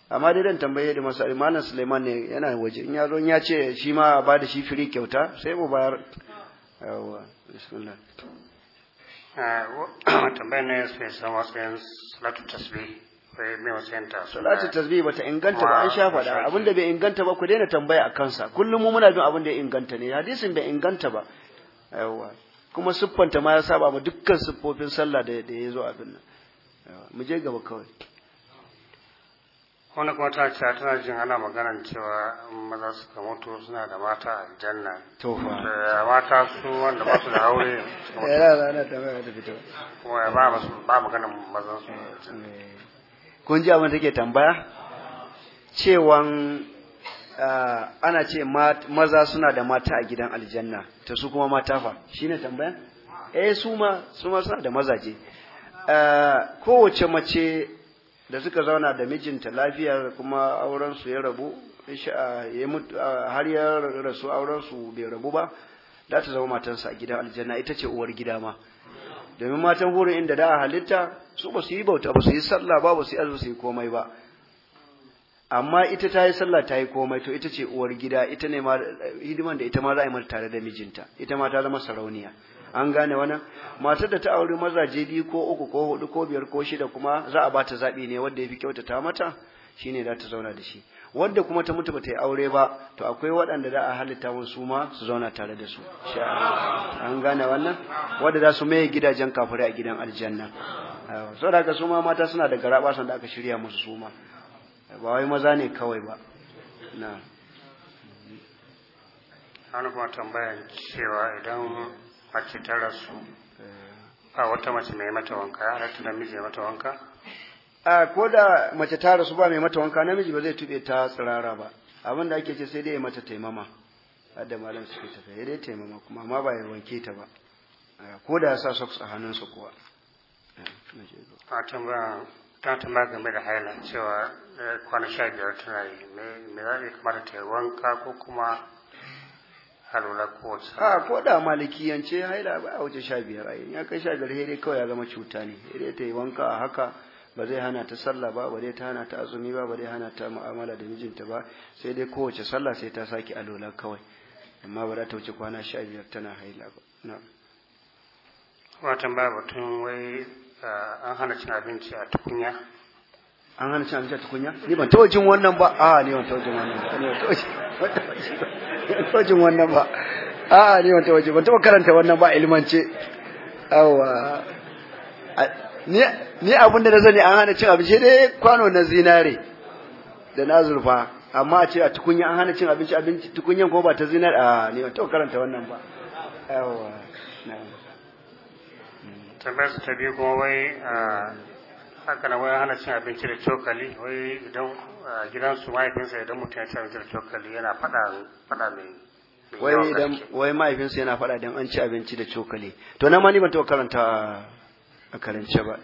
amma dai dan tambaye da masa malam Suleiman ne yana waje in ya zo ya ce shi ma ba da shi free kyauta sai mu bayar yawwa bismillah ah, tambayar ne sai san matsayin salatu tasbih sai mai matsayin ta salatu tasbih bata inganta ba an sha faɗa abinda bai inganta ba ku daina tambaya a kansa kullum mu muna bin abin da ya inganta ne hadisin bai inganta ba yawwa kuma siffanta ma ya saba ma dukkan siffofin sallah da ya zo abin nan mu je gaba kawai wani kuma ta ce tana jin ana maganan cewa maza suka mutu suna da mata a aljanna to mata su wanda ba su da aure ya rana ta bai da fito kuma ba ba ba maganan maza su kun ji abin da take tambaya cewan ana ce maza suna da mata a gidan aljanna to su kuma mata fa shine tambaya eh su ma su ma suna da mazaje kowace mace da suka zauna da mijinta lafiya kuma auren ya rabu har ya rasu aurensu bai rabu ba za ta zama matansa a gidan aljanna ita ce uwar gida ma domin matan hurin inda da a halitta su ba su yi bauta ba su yi sallah ba ba su yi azu su yi komai ba amma ita ta yi sallah ta yi komai to ita ce uwar gida ita ne hidiman da ita ma za a yi mata tare da mijinta ita ma ta zama sarauniya an gane wannan matar da ta auri mazaje biyu ko uku ko hudu ko biyar ko shida kuma za a bata zabi ne wanda yafi kyautata mata shine za ta zauna da shi wanda kuma ta mutu bata yi aure ba to akwai waɗanda za a halitta mun su ma su zauna tare da su an gane wannan wanda za su maye gidajen kafirai a gidan aljanna saboda da su ma mata suna da garaba da aka shirya musu su ma ba wai maza ne kawai ba na an kuma tambayan cewa idan mace ta rasu a wata mace mai mata wanka ratu namiji ya mata wanka a ko da mace ta rasu ba mai mata wanka namiji ba zai tube ta tsirara ba abin da ake ce sai dai mata taimama hadda malam suke tafi ya dai taimama kuma ma ba ya wanke ta ba ko da ya sa socks a hannunsa kuwa fatan ba ta tamba game da haila cewa eh, kwana sha biyar tana yi me za ta kamata ta wanka ko kuma a ko da yance haila ba a wuce sha biyar ayi ya kai sha biyar sai kawai ya zama cuta ne sai ta yi wanka a haka ba zai hana ta sallah ba ba zai ta hana ta azumi ba ba zai hana ta mu'amala da mijinta ba sai dai kowace sallah sai ta sake alola kawai amma ba za ta wuce kwana sha biyar tana haila ba watan ba batun wai an hana cin abinci a tukunya an hana cin abinci a tukunya ni ban taɓa jin wannan ba a ni ban taɓa jin wannan ba ni ban taɓa jin wannan ba a ni ban taɓa jin ban taɓa karanta wannan ba ilmance awa ni ni abin da na sani an hana cin abinci dai kwano na zinare da na zurfa amma a ce a tukunya an hana cin abinci abinci tukunyan ko ba ta zinare a ni ban taɓa karanta wannan ba awa na tambayar ta biyu kuma wai haka na wani hana cin abinci da cokali wai idan gidansu mahaifinsa idan mutum ya ci abinci da cokali yana faɗa faɗa mai wai idan wai mahaifinsa yana faɗa idan an ci abinci da cokali to na ma ni ban taɓa karanta a karance ba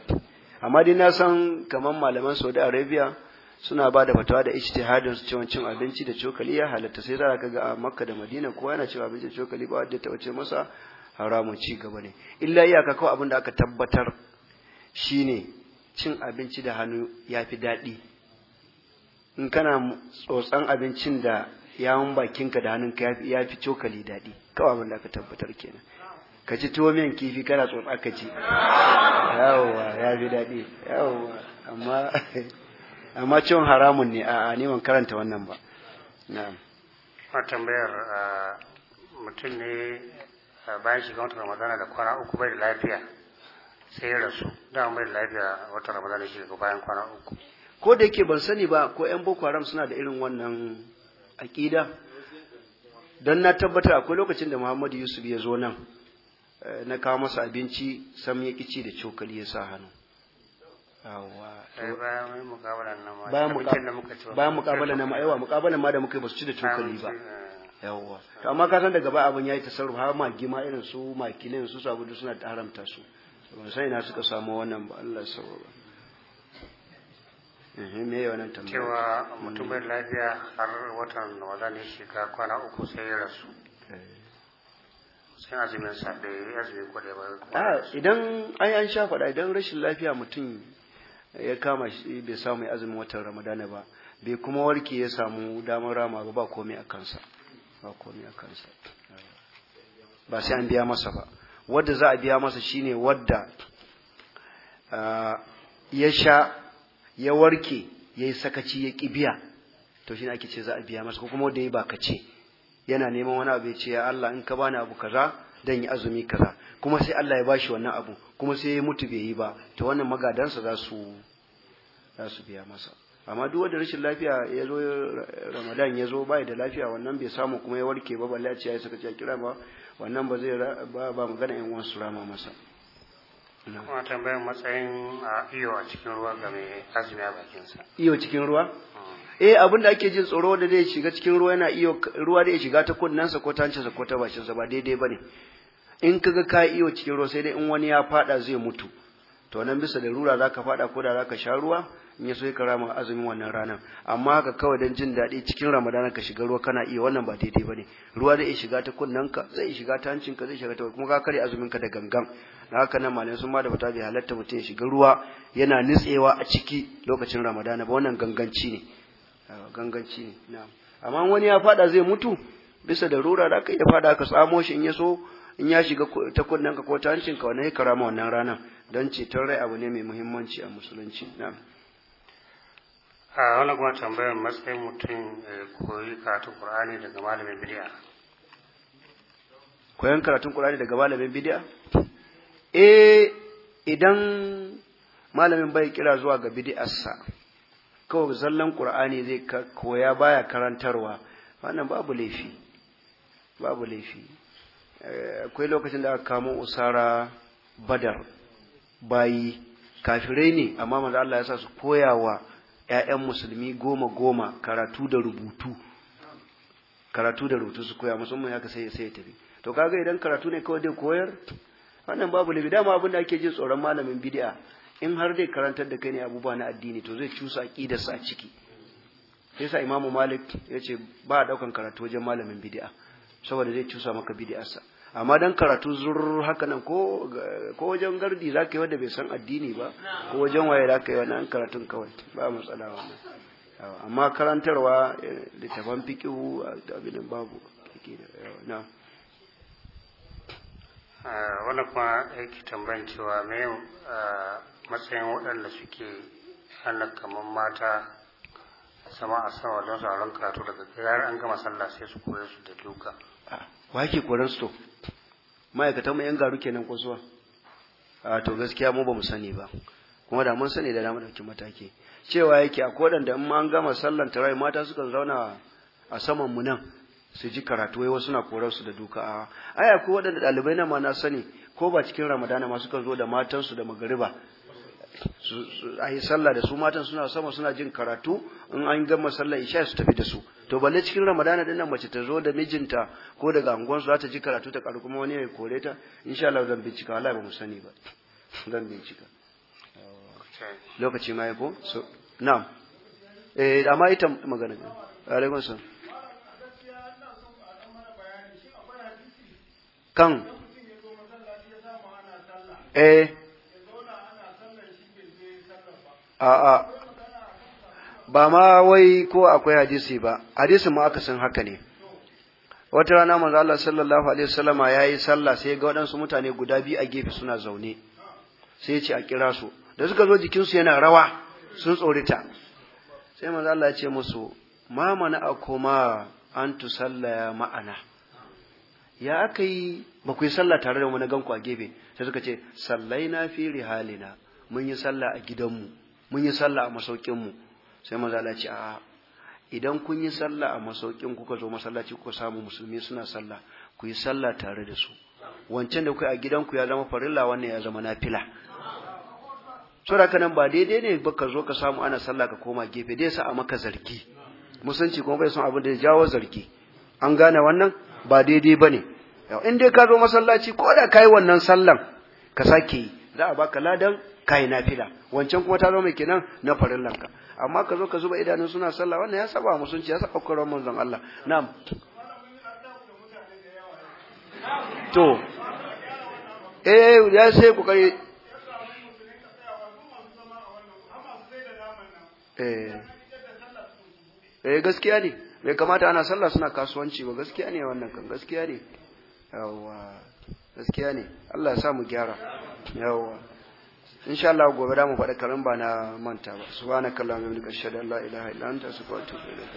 amma dai na san kamar malaman Saudi Arabia suna ba da fatawa da ijtihadin su cewa cin abinci da cokali ya halatta sai za ka ga a Makka da Madina kowa yana cin abinci da cokali ba wanda ta wace masa haramun ci gaba ne illa iyaka kawai abin da aka tabbatar shine cin abinci da hannu ya fi daɗi in kana tsotsan abincin da yawon bakinka da hannunka ya fi cokali daɗi kawai abin da aka tabbatar kenan ka ci tuwo miyan kifi kana tsotsa ka ci yawwa ya fi daɗi yawwa amma amma ciwon haramun ne a ni karanta wannan ba na tambayar ah, mutum ne ah, bayan shiga wata ramadana da kwana uku bai da lafiya sai rasu da mai lafiya wata ne shi ga bayan kwana uku ko da yake ban sani ba ko yan boko haram suna da irin wannan aƙida don na tabbata akwai lokacin da muhammadu yusuf ya zo nan eh, na kawo masa abinci sam ya kici da cokali ya sa hannu eh, bayan mukabala na ma'aiwa mukabala ma da muka yi ba su ci da cokali ba eh. yawwa to amma ka san daga ba abin ya yi tasarruf har magi ma irin su makilin su sabu suna haramta su ba sai na suka samu wannan ba Allah sawa ba eh, me ya wannan tambaya cewa hmm. mutum bai lafiya har watan Ramadan ya shiga kwana uku sai ya rasu eh. sai azumin sa azumin azumi ko da ba ah, idan ai an sha faɗa idan rashin lafiya mutum ya kama shi bai samu azumin watan Ramadana ba bai kuma warke ya samu damar rama ba ba komai a kansa ba komai a kansa ba sai an biya masa ba wadda za a biya masa shine wadda ya sha ya warke ya yi sakaci ya ƙibiya to shine ake ce za a biya masa ko kuma wadda ya ba ce yana neman wani abu ya ce ya Allah in ka bani abu kaza dan yi azumi kaza kuma sai Allah ya bashi wannan abu kuma sai ya mutu bai yi ba to wannan magadansa za su za su biya masa amma duk wanda rashin lafiya ya zo ramadan ya zo bai da lafiya wannan bai samu kuma ya warke ba balle a ce ya saka ce kira ba wannan ba zai ba ba magana yan wasu rama masa kuma tambayar matsayin iyo a cikin ruwa ga mai azumi a bakin sa iyo cikin ruwa hmm. eh abinda ake jin tsoro da zai shiga cikin ruwa yana iyo ruwa da ya shiga ta kunnansa ko ta hancinsa ko ta bakinsa ba daidai bane in kaga ka iyo cikin ruwa sai dai in wani ya fada zai mutu to nan bisa da rura zaka fada ko da zaka sha ruwa ne ya so ya karama azumin wannan ranar amma ka kawai don jin daɗi cikin ramadana ka shiga ruwa kana iya wannan ba daidai ba ne ruwa zai shiga ta kunnanka zai shiga ta hancinka zai shiga ta kuma ka karya azumin ka da gangan na haka nan malamai sun ma da fata bai halatta mutum ya shiga ruwa yana nutsewa a ciki lokacin ramadana ba wannan ganganci ne ganganci ne amma wani ya fada zai mutu bisa da rura da aka iya fada ka tsamo shi in ya so in ya shiga ta kunnanka ko ta hancinka wannan ya karama wannan ranar don ceton rai abu ne mai muhimmanci a musulunci na'am a wani kuma tambayar matsayin mutum eh, koyi karatun Kur'ani daga malamin bid'a koyan karatun qur'ani daga malamin bidiya eh idan malamin bai kira zuwa ga bidiyarsa kawai zallon ƙur'ani zai koya baya karantarwa wannan babu laifi babu laifi eh, akwai lokacin da aka kamo usara badar bayi kafirai ne amma manzo Allah ya sa su koyawa 'ya'yan musulmi goma goma karatu da rubutu karatu da rubutu su koya musamman ya ya sai ya tafi to kaga idan karatu ne kawai dai koyar wannan babu libi dama abin da ake jin tsoron malamin bidiya in har dai karantar da kai ne abubuwa na addini to zai cusa aqidarsa a ciki sai sa imamu malik ya ce ba a daukan karatu wajen malamin bidiya saboda zai cusa maka bidi'arsa. amma dan karatu zur haka nan ko wajen gardi zaka yi wanda bai san addini ba ko wajen waye ka yi wannan karatun kawai ba matsala wannan amma karantarwa eh, littafan da abin babu kike da na wannan kuma yake tambayin cewa me ah, matsayin waɗanda suke hana kamar mata sama a sama don sauran karatu daga gayar an gama sallah sai su koya su da duka ah, wa ke koyar ma'aikatan mu yan garu kenan ko zuwa a to gaskiya mu ba mu sani ba kuma da mun sani da mu dauki mataki cewa yake a kodan da in an gama sallan mata sukan zauna a saman mu nan su ji karatu wai wasu na korar su da duka a ai akwai waɗanda ɗalibai na ma na sani ko ba cikin ramadana ma sukan zo da matansu da magariba a yi sallah da su matan suna sama suna jin karatu in an gama sallah isha su tafi da su to balle cikin ramadana dinnan mace ta zo da mijinta ko daga su za ta ji karatu ta karu kuma wani ya kore ta insha Allah zan bincika wallahi ba mu sani ba zan bincika lokaci ma ya ko so na'am eh amma ita magana alaikum salam kan eh a'a ba ma wai ko akwai hadisi ba hadisin ma san haka ne wata rana manzo Allah sallallahu alaihi wasallama yayi sallah sai ga waɗansu mutane guda biyu a gefe suna zaune sai ya ce a kira su da suka zo jikin su yana rawa sun tsorita sai manzo Allah ya ce musu ma mana akoma an sallaya ma'ana ya akai ba ku yi sallah tare da mu na ganku a gefe sai suka ce sallaina fi rihalina mun yi sallah a gidanmu mun yi sallah a masaukin mu sai maza Allah ce a idan kun yi sallah a masaukin kuka zo masallaci kuka samu musulmi suna sallah ku yi sallah tare da su wancan da kai a gidan ku ya zama farilla wannan ya zama nafila saboda haka nan ba daidai ne ba ka zo ka samu ana sallah ka koma gefe dai sa a maka zargi musanci kuma bai san abin da ya jawo zargi an gane wannan ba daidai bane in dai ka zo masallaci ko da kai wannan sallan ka sake yi za a baka ladan kai nafila wancan kuma ta zo mai kenan na farin lanka amma ka zo ka zuba idanun suna sallah wannan ya saba musunci ya saba kokarin manzon Allah na'am to eh ya sai kokari eh eh gaskiya ne bai kamata ana sallah suna kasuwanci ba gaskiya ne wannan kan gaskiya ne yawa gaskiya ne Allah ya sa mu gyara yawa insha Allah gobe da mu faɗa karin ba na manta ba subhanakallahumma wa bihamdika ashhadu an la ilaha illa anta astaghfiruka wa atubu ilaik